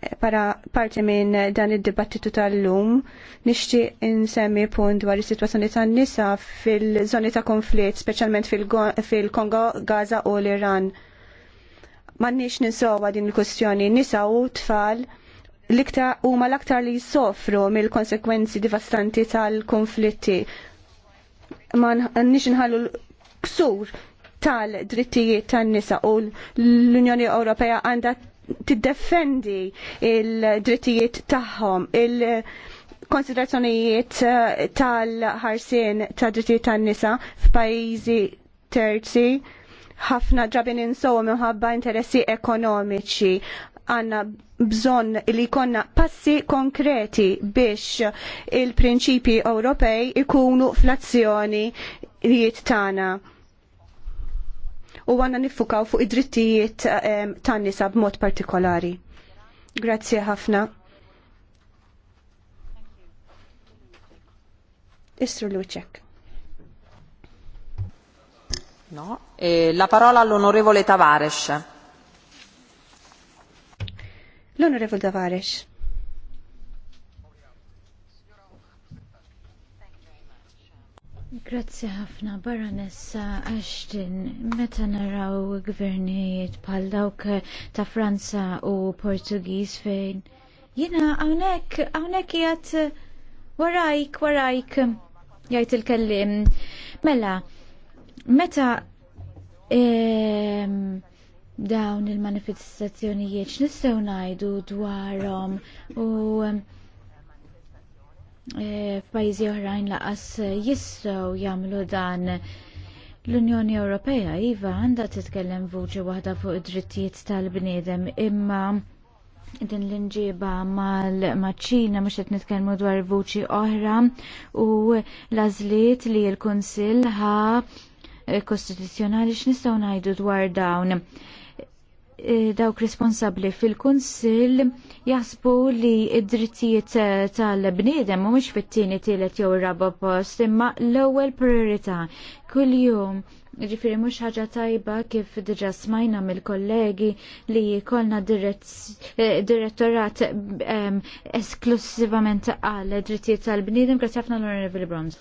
S4: eh, para parti minn dan id-dibattitu tal-lum, nixtieq insemmi punt dwar is-sitwazzjoni tan-nisa fil-żoni ta' konflitt, speċjalment fil-Kongo, Gaza u l-Iran. M'għandniex ninsowa din il-kwestjoni nisa u tfal l-iktar huma l-aktar li jsofru mill-konsekwenzi devastanti tal-konflitti ma nix nħallu l-ksur tal-drittijiet tan-nisa u l-Unjoni Ewropea għandha tiddefendi il-drittijiet tagħhom, il-konsiderazzjonijiet eh, tal-ħarsien tad-drittijiet tan-nisa f'pajjiżi terzi ħafna drabi insow minħabba interessi ekonomiċi għanna bżon li konna passi konkreti biex il-prinċipi Ewropej ikunu fl-azzjoni rijiet tana. U għanna nifukaw fuq id-drittijiet ehm, tan-nisa b'mod partikolari. Grazie ħafna.
S1: Istru Luċek. No, Eh, la parola all'onorevole Tavares. L-Onorevol Davares.
S4: Grazzi ħafna baronessa
S2: Ashton. Meta naraw gvernijiet bħal dawk ta' Franza u Portugiż fejn. Jena hawnhekk hawnhekk qiegħed warajk warajk jgħid il-kellim. Mela, meta dawn il-manifestazzjonijiet nistgħu ngħidu dwarhom u um, e, f'pajjiżi oħrajn laqas jistgħu jagħmlu dan l-Unjoni Ewropea iva għandha titkellem vuċi waħda fuq id-drittijiet tal-bniedem imma din l-inġiba mal-maċċina mux qed nitkellmu dwar vuċi oħra u l li l-Kunsill ħa e, kostituzzjonali x'nistgħu ngħidu dwar dawn. E, dawk responsabli fil-Kunsill jasbu li id-drittijiet tal-bniedem mhumiex fit-tieni tielet jew raba post imma l-ewwel priorità kuljum. Ġifiri mhux ħaġa tajba kif diġà smajna mill-kollegi li jkollna e, direttorat esklusivament għal drittijiet
S4: tal-bniedem grazzi ħafna l-Honorable Broms.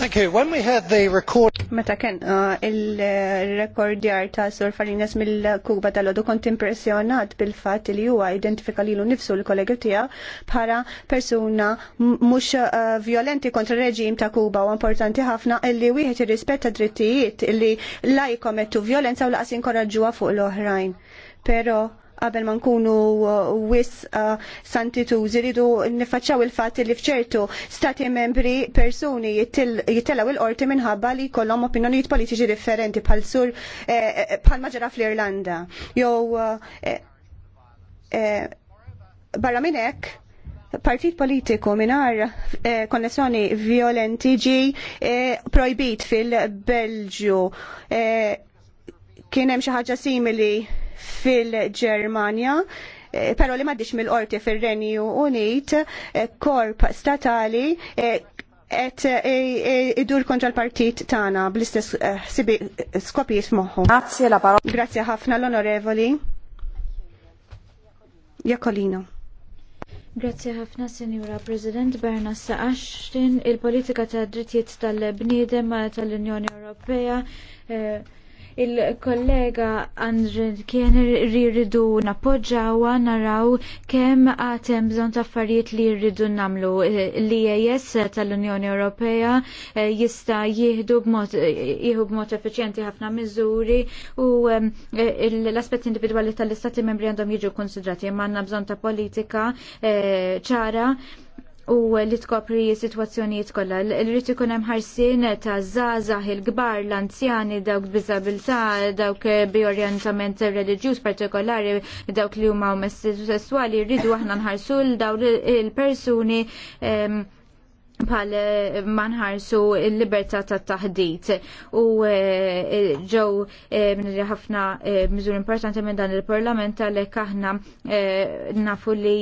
S1: Thank you. When we had the record... Meta
S4: kien uh, il-rekordjar ta' Sur Farinas mill-Kuba tal odu kont impressjonat bil-fat li huwa identifika lilu nifsu l kollegi tiegħu bħala persuna mhux uh, violenti kontra reġim ta' Kuba u importanti ħafna illi wieħed irrispetta drittijiet illi la jkomettu violenza u laqas jinkoraġġuha fuq l-oħrajn. Pero qabel ma nkunu uh, wis uh, santitużi rridu nifaċċaw il-fatt li fċertu stati membri persuni jittellaw il-qorti minħabba li jkollhom opinjonijiet politiċi differenti bħal sur eh, eh, bħal maġara fl-Irlanda. Jew eh, barra minn hekk partit politiku minar konnessjoni violenti ġi projbit fil belġju Kien hemm xi ħaġa simili fil-Ġermanja eh, pero li maddix mill-qorti fil-Renju Unit, eh, korp statali et eh, idur kontra l-partit tana bl-istess sibi skopijiet moħu. Grazie la parola. Grazie ħafna l-onorevoli. Jakolino.
S2: Grazie ħafna, Senjura President Berna Saashtin, il-politika ta' drittijiet tal-bniedem tal-Unjoni Ewropea. Eh, il-kollega Andrej kien rridu napoġġawa naraw kemm għatem bżon ta' affarijiet li rridu namlu li jess tal-Unjoni Ewropea eh, jista jieħdu b'mod jieħu b'mod effiċjenti ħafna miżuri u eh, l aspet individwali tal-istati membri għandhom jiġu konsidrati imma għandna bżon ta' politika eh, ċara u li tkopri situazzjonijiet kollha. Irrid ikun hemm ħarsien ta' żgħażagħ il-kbar, l-anzjani, dawk b'iżabilità, dawk eh, bi orjentament reliġjuż partikolari, dawk li huma omosessuali, rridu aħna nħarsu l dawn il-persuni ehm, bħal eh, manħarsu il-libertà ta' taħdit u eh, ġew eh, minnri ħafna mizur importanti minn dan il-parlament għalhekk aħna nafu li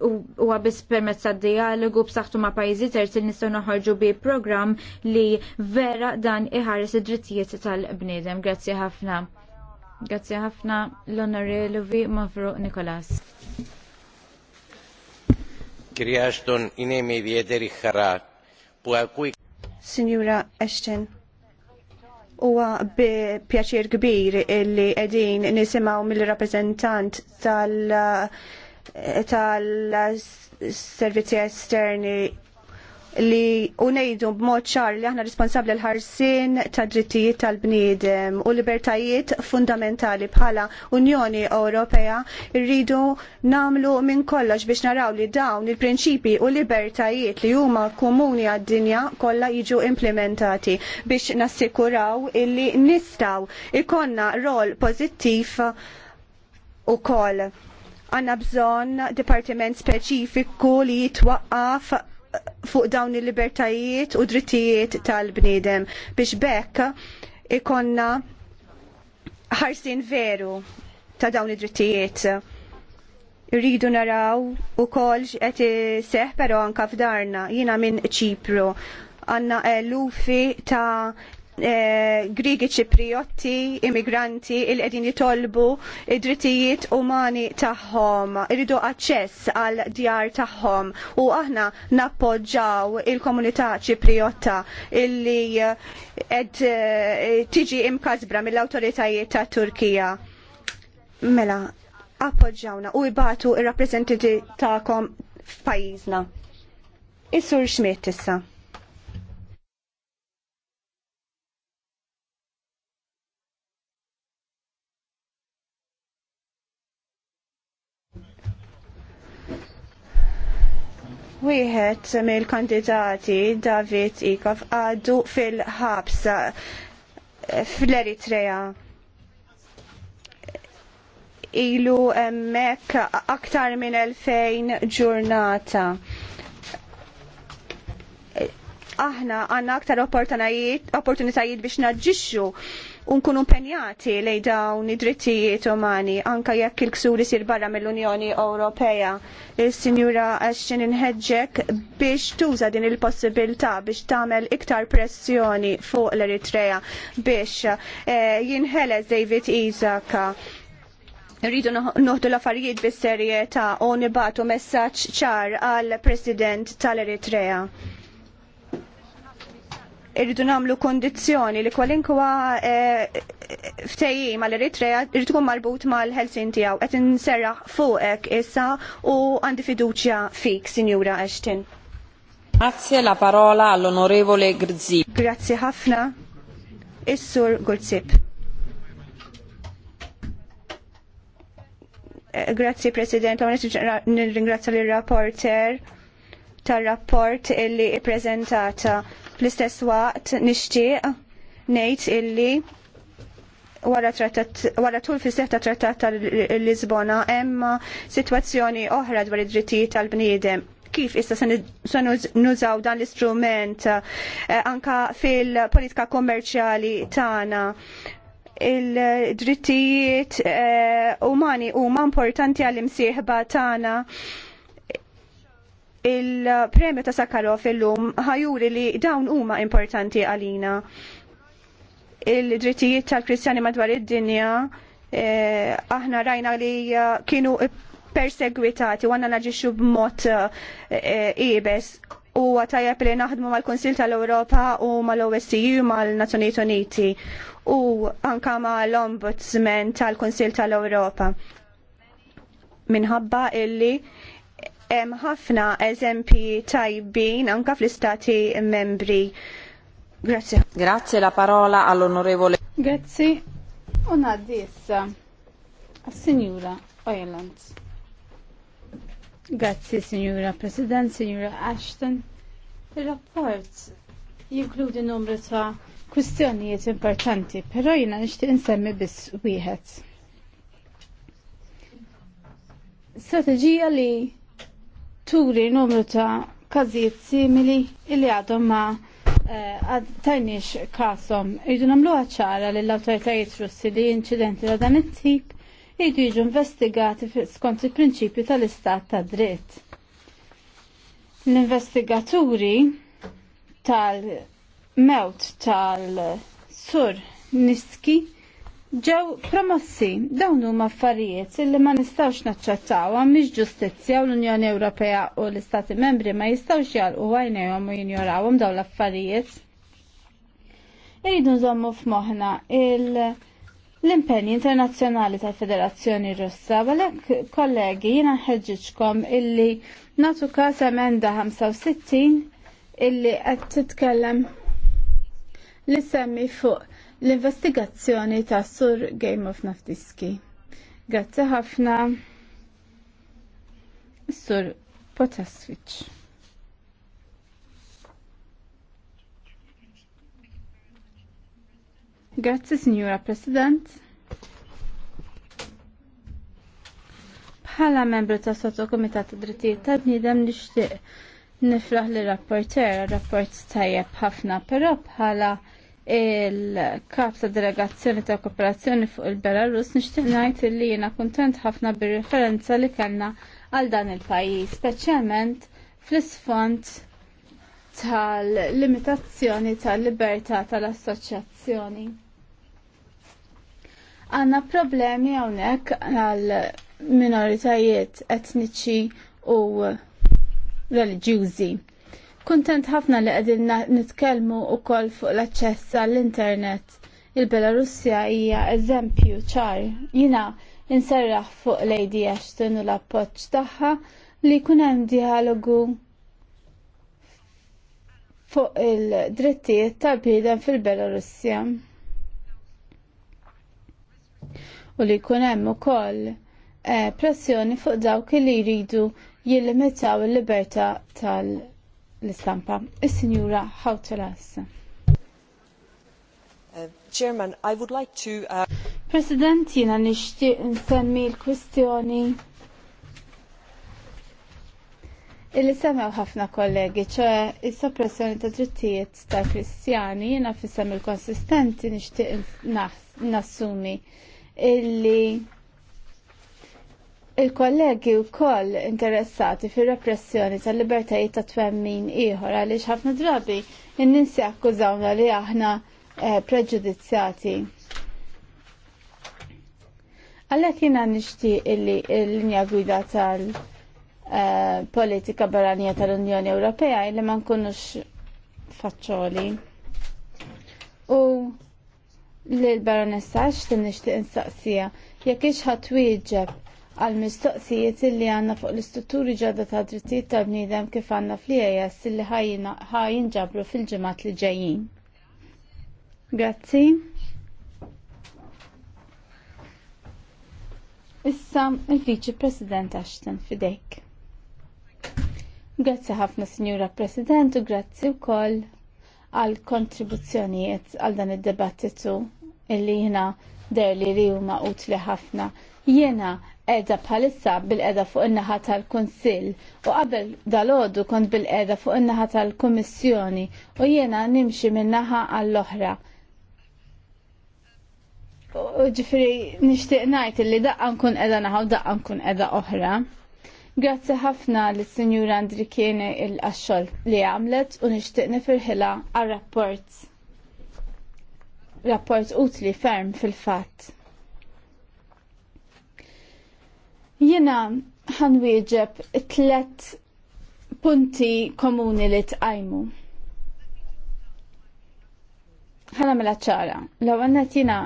S2: huwa biss permezz tad-dialogu b'saħħtu ma' pajjiżi terzi nistgħu naħarġu bi programm li vera dan iħares id-drittijiet tal-bniedem. Grazzi ħafna. Grazzi ħafna l-Onorelovi Mavro Nikolas.
S4: Signora Ashton, huwa bi pjaċir kbir illi qegħdin nisimgħu mill-rappreżentant tal tal-servizzi esterni li unajdu b'mod ċar li aħna responsabli l-ħarsin ta' drittijiet tal-bniedem u libertajiet fundamentali bħala Unjoni Ewropea rridu namlu minn kollox biex naraw li dawn il-prinċipi u libertajiet li huma komuni għad-dinja kollha jiġu implementati biex nassikuraw illi nistaw ikonna rol pozittiv u koll. Għanna bżon dipartiment speċifiku li jitwaqqaf fuq dawn il-libertajiet u drittijiet tal-bniedem biex bekk ikonna ħarsin veru ta' dawn id-drittijiet. Rridu naraw u kol qed seħ pero anka f'darna jiena minn Ċipru għanna elufi ta' Eh, Grigi ċipriotti, immigranti, il edin jitolbu id-drittijiet umani tagħhom, iridu aċċess għal djar tagħhom u aħna nappoġġaw il-komunità ċipriotta illi eh, ed eh, tiġi imkazbra mill-awtoritajiet ta' Turkija. Mela, appoġġawna u jbatu il rappreżentanti tagħkom f'pajjiżna. Is-Sur Schmidt issa. Wieħed mill-kandidati David Ikov għadu fil-ħabsa fl-Eritrea ilu emmek aktar minn elfejn ġurnata aħna għanna aktar opportunitajiet biex naġġixxu unkun impenjati lej dawn id-drittijiet umani anka jekk il-ksur isir barra mill-Unjoni Ewropea. il sinjura Ashton inħedġek biex tuża din il-possibilità biex tagħmel iktar pressjoni fuq l-Eritrea biex eh, jinħeles David Isaac rridu noħdu l-affarijiet bis-serjetà u nibatu messaġġ ċar għall President tal-Eritrea irridu nagħmlu kondizzjoni li kwalinkwa eh, ftejjim għal eritrea irridu ikun marbut mal-Helsin tiegħu qed serraħ fuqek issa u għandi fiduċja fik, Sinjura Ashton.
S1: Grazie la parola all'onorevole Grzib. Grazie ħafna. Is-sur Gurzib.
S4: Eh, grazie President, għonet nirringrazzja l-rapporter tal-rapport illi i prezentata Fl-istess waqt nixtieq ngħid illi wara tul fis seħta trattat tal-Lisbona hemm sitwazzjoni oħra dwar id-drittijiet tal-bniedem. Kif issa se nużaw dan l-istrument eh, anka fil-politika kommerċjali tagħna il-drittijiet eh, umani huma importanti għall-imsieħba tagħna il-premju ta' Sakharov illum ħajuri li dawn huma importanti għalina. Il-drittijiet tal-Kristjani madwar id-dinja eh, aħna rajna li eh, kienu persegwitati u għanna naġiċu b'mod eh, ibes u għatajab li naħdmu mal-Konsil tal-Europa u mal-OSCU mal-Nazzjoniet Uniti u anka mal-Ombudsman tal-Konsil tal-Europa minħabba illi Hemm ħafna eżempji tajbin anka fl-istati membri.
S1: Grazie. Grazie la parola all'onorevole.
S4: Grazie. Una
S5: essa. Signora Oiland. Grazie signora President, signora Ashton. Il-rapport jinkludi numru ta' kwistjonijiet importanti, però jina nixtieq insemmi biss wieħed. Strategija li turi numru ta' każijiet simili illi għadhom ma eh, tajniex kasom. Irridu nagħmlu ċara l awtoritajiet russi li incidenti ta' dan it-tip jridu jiġu investigati skont il-prinċipju tal-istat ta' dritt. L-investigaturi tal-mewt tal-sur Niski ġew promossi dawn huma affarijiet illi ma nistgħux naċċettaw mhix ġustizzja u l-Unjoni Ewropea u l-Istati Membri ma jistgħux jalqu għajnejhom u jinjorawhom dawn l-affarijiet. Iridu nżommu f'moħħna il- L-impenni internazzjonali tal-Federazzjoni Russa, għalek kollegi, jina ħedġiċkom illi natu kas emenda 65 illi għed titkellem li semmi fuq l-investigazzjoni ta' Sur Game of Naftiski. Grazzi ħafna Sur Potaswicz. Grazzi, Signora President. Bħala membru ta' Soto Komitat Drittijiet ta' Bnidem nixtieq nifraħ li rapporter, rapport tajjeb ħafna, però bħala il-kap ta' delegazzjoni ta' kooperazzjoni fuq il-Belarus nixtieq ngħid li jiena kuntent ħafna bir-referenza li kellna għal dan il-pajjiż, speċjalment fl-isfond tal-limitazzjoni tal-libertà tal-assoċjazzjoni. Għanna problemi hawnhekk għal minoritajiet etniċi u reliġjużi. Kuntent ħafna li qegħdin nitkellmu wkoll fuq l-aċċess għall-internet. Il-Belarusja hija eżempju ċar. Jina inserraħ fuq Lady Ashton u l-appoġġ tagħha li jkun hemm dialogu fuq il-drittijiet tal bidem fil belarussja U li jkun hemm ukoll eh, pressjoni fuq dawk li jridu jillimitaw il-libertà tal l-istampa. Is-Sinjura Hautelas.
S1: Uh, Chairman, I would like to... Uh...
S5: President, jina nishtiq nsemmi l-kwistjoni Illi semmew ħafna kollegi, ċe il-soppressjoni ta' drittijiet ta' kristjani jina fissem il-konsistenti nishtiq nassumi illi Il-kollegi u koll interessati fir repressjoni tal-libertajiet ta' twemmin ieħor għaliex ħafna drabi n-ninsi akkużawna li aħna eh, preġudizzjati. Għallek jina nishti illi l-linja gwida tal-politika eh, barranija tal-Unjoni Ewropea illi ma nkunux faċċoli. U l-baronessa xtin nishti insaqsija jekk ix wieġeb għal mistoqsijiet illi għanna fuq l-istrutturi ġodda ta' drittijiet tal-bniedem kif għanna fl-IAS illi ħajin ġabru fil-ġemat li ġejjin. Grazzi. Issa il-Viċi President Ashton fidejk. Grazzi ħafna Signora President u grazzi wkoll għal kontribuzzjonijiet għal dan id-debattitu illi jina derli li huma utli ħafna. Jena edha bħalissa bil-edha fuq in-naħa tal-Kunsill u qabel dal kont bil-edha fuq in-naħa tal-Kummissjoni u jiena nimxi min-naħa għall-oħra. Ġifri, nixtieq ngħid li daqqa nkun edha naħa u daqqa nkun edha oħra. Grazzi ħafna li sinjura Andrikieni il-qaxxol li għamlet u nixtieq nifirħilha għar-rapport. Rapport utli ferm fil-fatt. Jena wieġeb tlet punti komuni li tqajmu. Ħana mela ċara, law għannet jena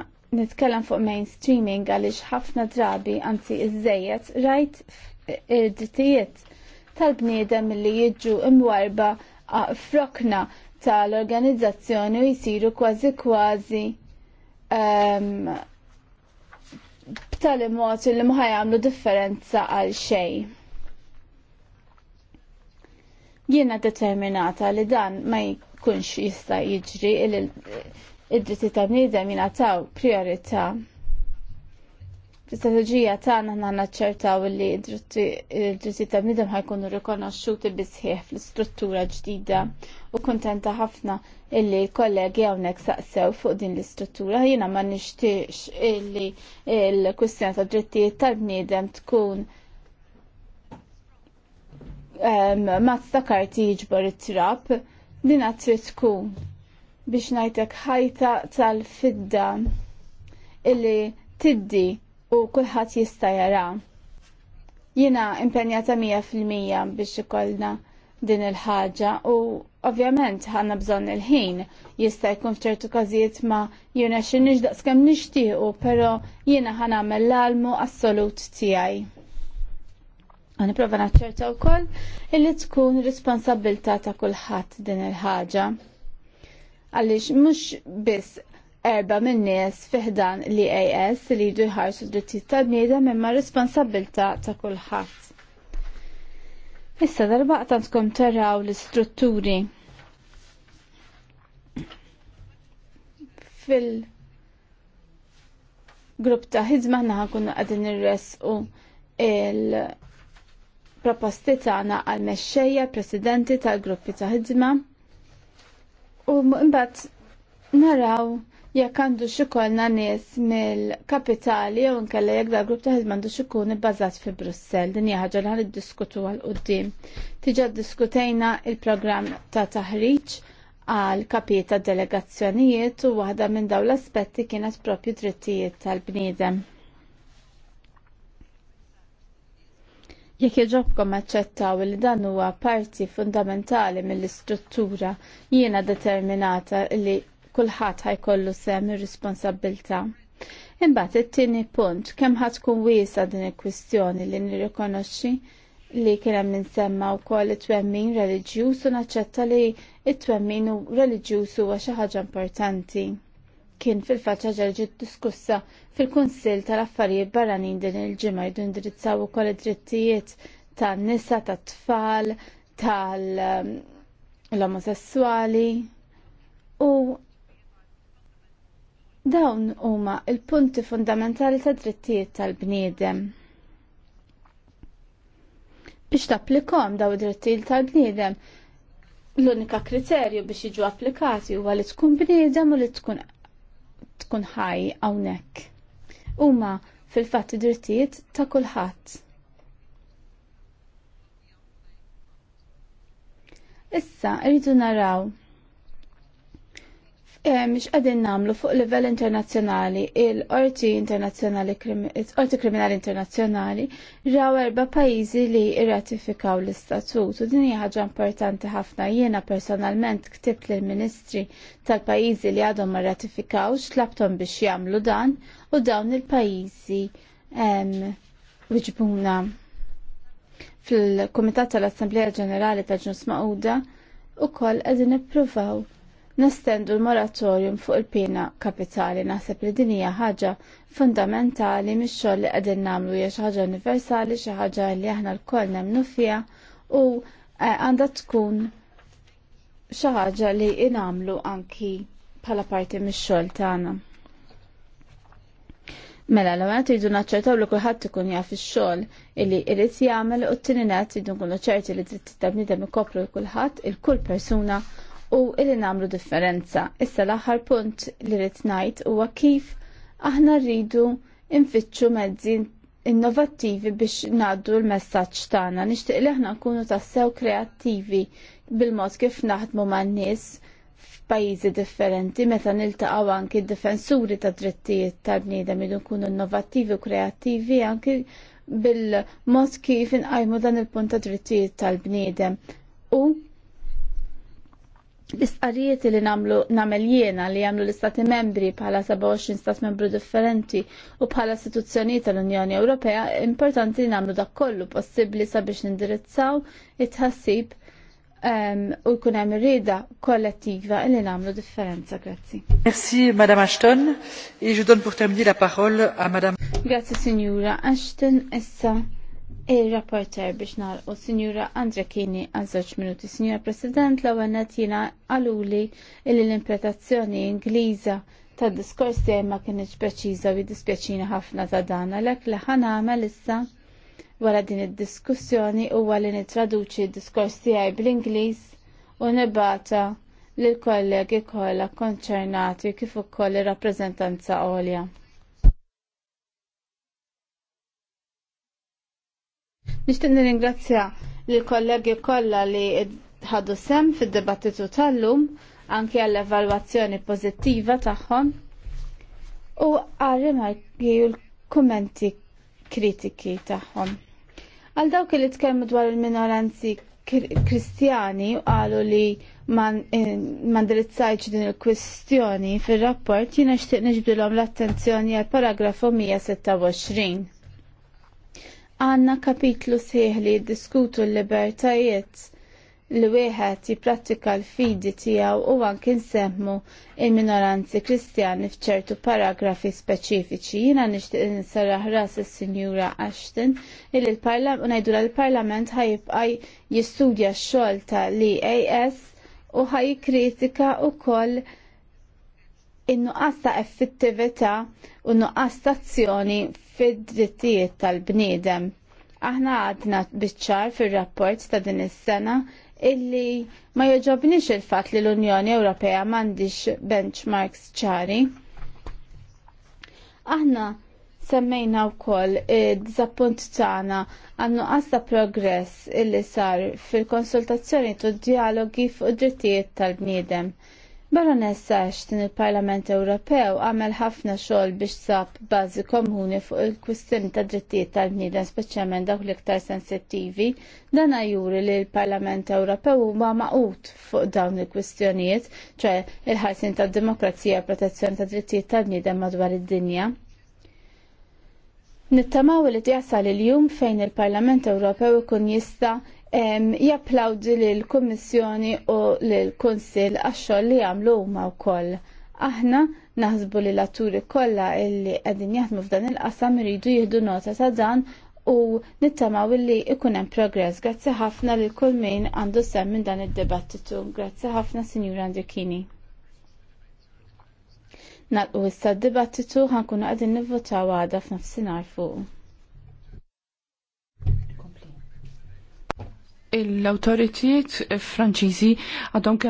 S5: nitkellem fuq mainstreaming għaliex ħafna drabi anzi iżejjed rajt id-drittijiet tal-bniedem li jiġu imwarba frokna tal-organizzazzjoni u jisiru kważi kważi um, b'tali mod li ma jagħmlu differenza għal xejn. Jiena determinata li dan ma jkunx jista' jiġri il-dritti ta' bniedem jingħataw priorità' l istrateġija tagħna aħna naċċertaw li d-drittijiet ta' bniedem ħajkunu rikonoxxuti bisħieħ fl-istruttura ġdida u kuntenta ħafna illi kollegi hawnhekk saqsew fuq din l-istruttura jiena ma nixtiex illi l-kwistjoni ta' drittijiet tal-bniedem tkun mazza karti jiġbor it-trap din trid tkun biex ngħidlek ħajta tal-fidda illi tiddi u kulħadd jista' jara. Jiena impenjata mija fil-mija biex ikollna din il-ħaġa u ovvjament ħanna bżonn il-ħin jista' jkun f'ċertu każijiet ma jiena xi nixdaqs kemm nixtiequ, però jiena ħanamel l-almu assolut tiegħi. Għaniprofa naċċerta u koll illi tkun responsabilta ta' kullħat din il-ħaġa. Għalix mux biss erba minn nies fiħdan li AS li jdu jħarsu drittijiet tal-bniedem imma responsabilta ta' kulħadd. Issa darba tkom taraw l-istrutturi fil-grupp ta' ħidma naħan kunna għadin u il-proposti tagħna għal-mexxejja presidenti tal-gruppi ta' ħidma u mbagħad naraw jekk għandu xikolna nies mill-kapitali jew nkella jekk da grupp ta' ħidma għandu xikun ibbażat fi Brussell. Din hija ħaġa li ħaniddiskutu għal qudiem. Tiġad ddiskutejna il-programm ta' taħriġ għal kapiet ta' delegazzjonijiet u waħda minn dawn l-aspetti kienet propju drittijiet tal-bniedem. Jekk jġobkom aċċettaw li dan huwa parti fundamentali mill-istruttura, jiena determinata li kulħadd ħajkollu sem ir-responsabilta. Imbagħad it-tieni punt kemm ħadd tkun wiesa din il-kwistjoni li nirrikonoxxi li kien hemm insemma wkoll it-twemmin reliġjuż u naċċetta li it-twemmin reliġjuż huwa xi ħaġa importanti. Kien fil-faċċa ġerġiet diskussa fil-Kunsill tal-Affarijiet Barranin din il-ġimgħa jdu ndirizzaw ukoll id-drittijiet tan-nisa, tat-tfal, tal-omosessuali um, u Dawn huma il-punti fundamentali ta' drittijiet tal-bniedem. Biex tapplikom daw id-drittijiet tal-bniedem, l-unika kriterju biex jiġu applikati huwa li tkun bniedem u li tkun tkun ħaj hawnhekk. Huma fil-fatt id-drittijiet ta' kulħadd. Issa rridu naraw Eh, Mix għadin namlu fuq livell internazzjonali, il-Orti Internazjonali il-Orti Kriminali Internazzjonali, raw erba pajizi li irratifikaw l-istatut. U din ħaġa importanti ħafna jiena personalment ktibt lill ministri tal-pajizi li għadhom ma ratifikawx, tlabtom biex jagħmlu dan u dawn il-pajizi wiġbuna fil-Kumitat tal-Assembleja Ġenerali tal-Ġnus Mauda u koll għadin ippruvaw nestendu l-moratorium fuq il-pena kapitali naħseb li din hija ħaġa fundamentali mix-xogħol li qegħdin nagħmlu hija xi ħaġa universali, xi ħaġa li aħna lkoll nemnu fiha u eh, għandha tkun xi ħaġa li inagħmlu anki bħala parti mix-xogħol tagħna. Mela, l għamil tridu naċċertaw li kulħadd ikun jaf ix-xogħol illi irid jagħmel u t-tieni nett tridu nkunu ċerti li trid ta' bniedem ikopru kulħadd il-kull persuna u illi namlu differenza. Issa l-aħħar punt li rrid ngħid huwa kif aħna rridu nfittxu mezzi innovattivi biex naddu l-messaġġ tagħna. Nixtieq li aħna nkunu tassew kreattivi bil-mod kif naħdmu man-nies f'pajjiżi differenti meta niltaqgħu anki d-difensuri ta' drittijiet tal-bniedem idu nkunu innovattivi u kreattivi anki bil-mod kif inqajmu dan il-punt ta' drittijiet tal-bniedem. U l-istqarijiet li namlu namel jiena li jamlu l-istati membri bħala 27 stat membru differenti u bħala istituzzjoni tal-Unjoni Ewropea importanti li namlu dak kollu possibbli sabiex nindirizzaw it-ħassib u jkun hemm rida kollettiva li namlu differenza. Grazzi.
S3: Merci Madame Ashton. je donne pour terminer la parole à Madame.
S5: Grazzi Signora Ashton. Issa Il-rapporter biex nalqu Sinjura Andra Kini għal żewġ minuti. Sinjura President, l għanet jina għaluli il l-interpretazzjoni Ingliża ta' diskors tiegħi ma kienx preċiża u jiddispjaċina ħafna ta' dan għalhekk li ħa nagħmel issa wara din id-diskussjoni huwa li nittraduċi d-diskors tiegħi bl-Ingliż u nibata lill kollegi kollha konċernati kif ukoll ir-rappreżentanza għolja. Nixtieq ringrazzja lill kollegi kollha li ħadu sem fid-dibattitu tal-lum anke għall-evalwazzjoni pożittiva tagħhom u għal-rimarki u l-kummenti kritiki tagħhom. Għal dawk li tkellmu dwar il-minoranzi kristjani u qalu li ma ndirizzajċ din il-kwistjoni fil-rapport jina xtieq niġbdilhom l-attenzjoni għal paragrafu 126 għanna kapitlu sħiħ li jiddiskutu l-libertajiet li wieħed jipprattika l-fidi tiegħu u anke nsemmu il-minoranzi kristjani f'ċertu paragrafi speċifiċi. Jiena nixtieq insarraħ ras is-Sinjura Ashton li l-Parlament u ngħidu l-Parlament ħajibqa' jistudja x-xogħol ta' l-EAS u ħajkritika wkoll in-nuqqas ta' effettività u nuqqas tazzjoni fid-drittijiet tal-bniedem. Aħna għadna biċċar fil-rapport ta' din is-sena illi ma joġobnix il-fat li l-Unjoni Ewropea m'għandix benchmarks ċari. Aħna semmejna wkoll id-żappunt tagħna għannu qasta progress illi sar fil-konsultazzjoni u d-dialogi fuq id-drittijiet tal-bniedem nessax Ashton il-Parlament Ewropew għamel ħafna xogħol biex sab bażi komuni fuq il-kwistjoni ta' drittijiet tal-bniedem speċjalment dawk l-iktar sensittivi, dan juri li l-Parlament Ewropew huwa maqut fuq dawn il-kwistjonijiet, ċe il-ħarsin tad-demokrazija protezzjoni ta' drittijiet tal-bniedem madwar id-dinja. Nittamaw li jasal il-jum fejn il-Parlament Ewropew ikun jista japplawdi lill-Kummissjoni u lill-Kunsill għax-xogħol li jagħmlu huma wkoll. Aħna naħsbu li l-atturi kollha illi qegħdin jaħdmu f'dan il-qasam iridu jieħdu nota ta' dan u nittamaw illi ikun hemm progress. Grazzi ħafna lil kull min għandu sem minn dan id-dibattitu. Grazzi ħafna Sinjura Andrikini. Nalqu issa d-dibattitu ħankunu qegħdin nivvotaw għada f'nafsinhar fuq.
S3: l-autoritiet franċiżi għadhom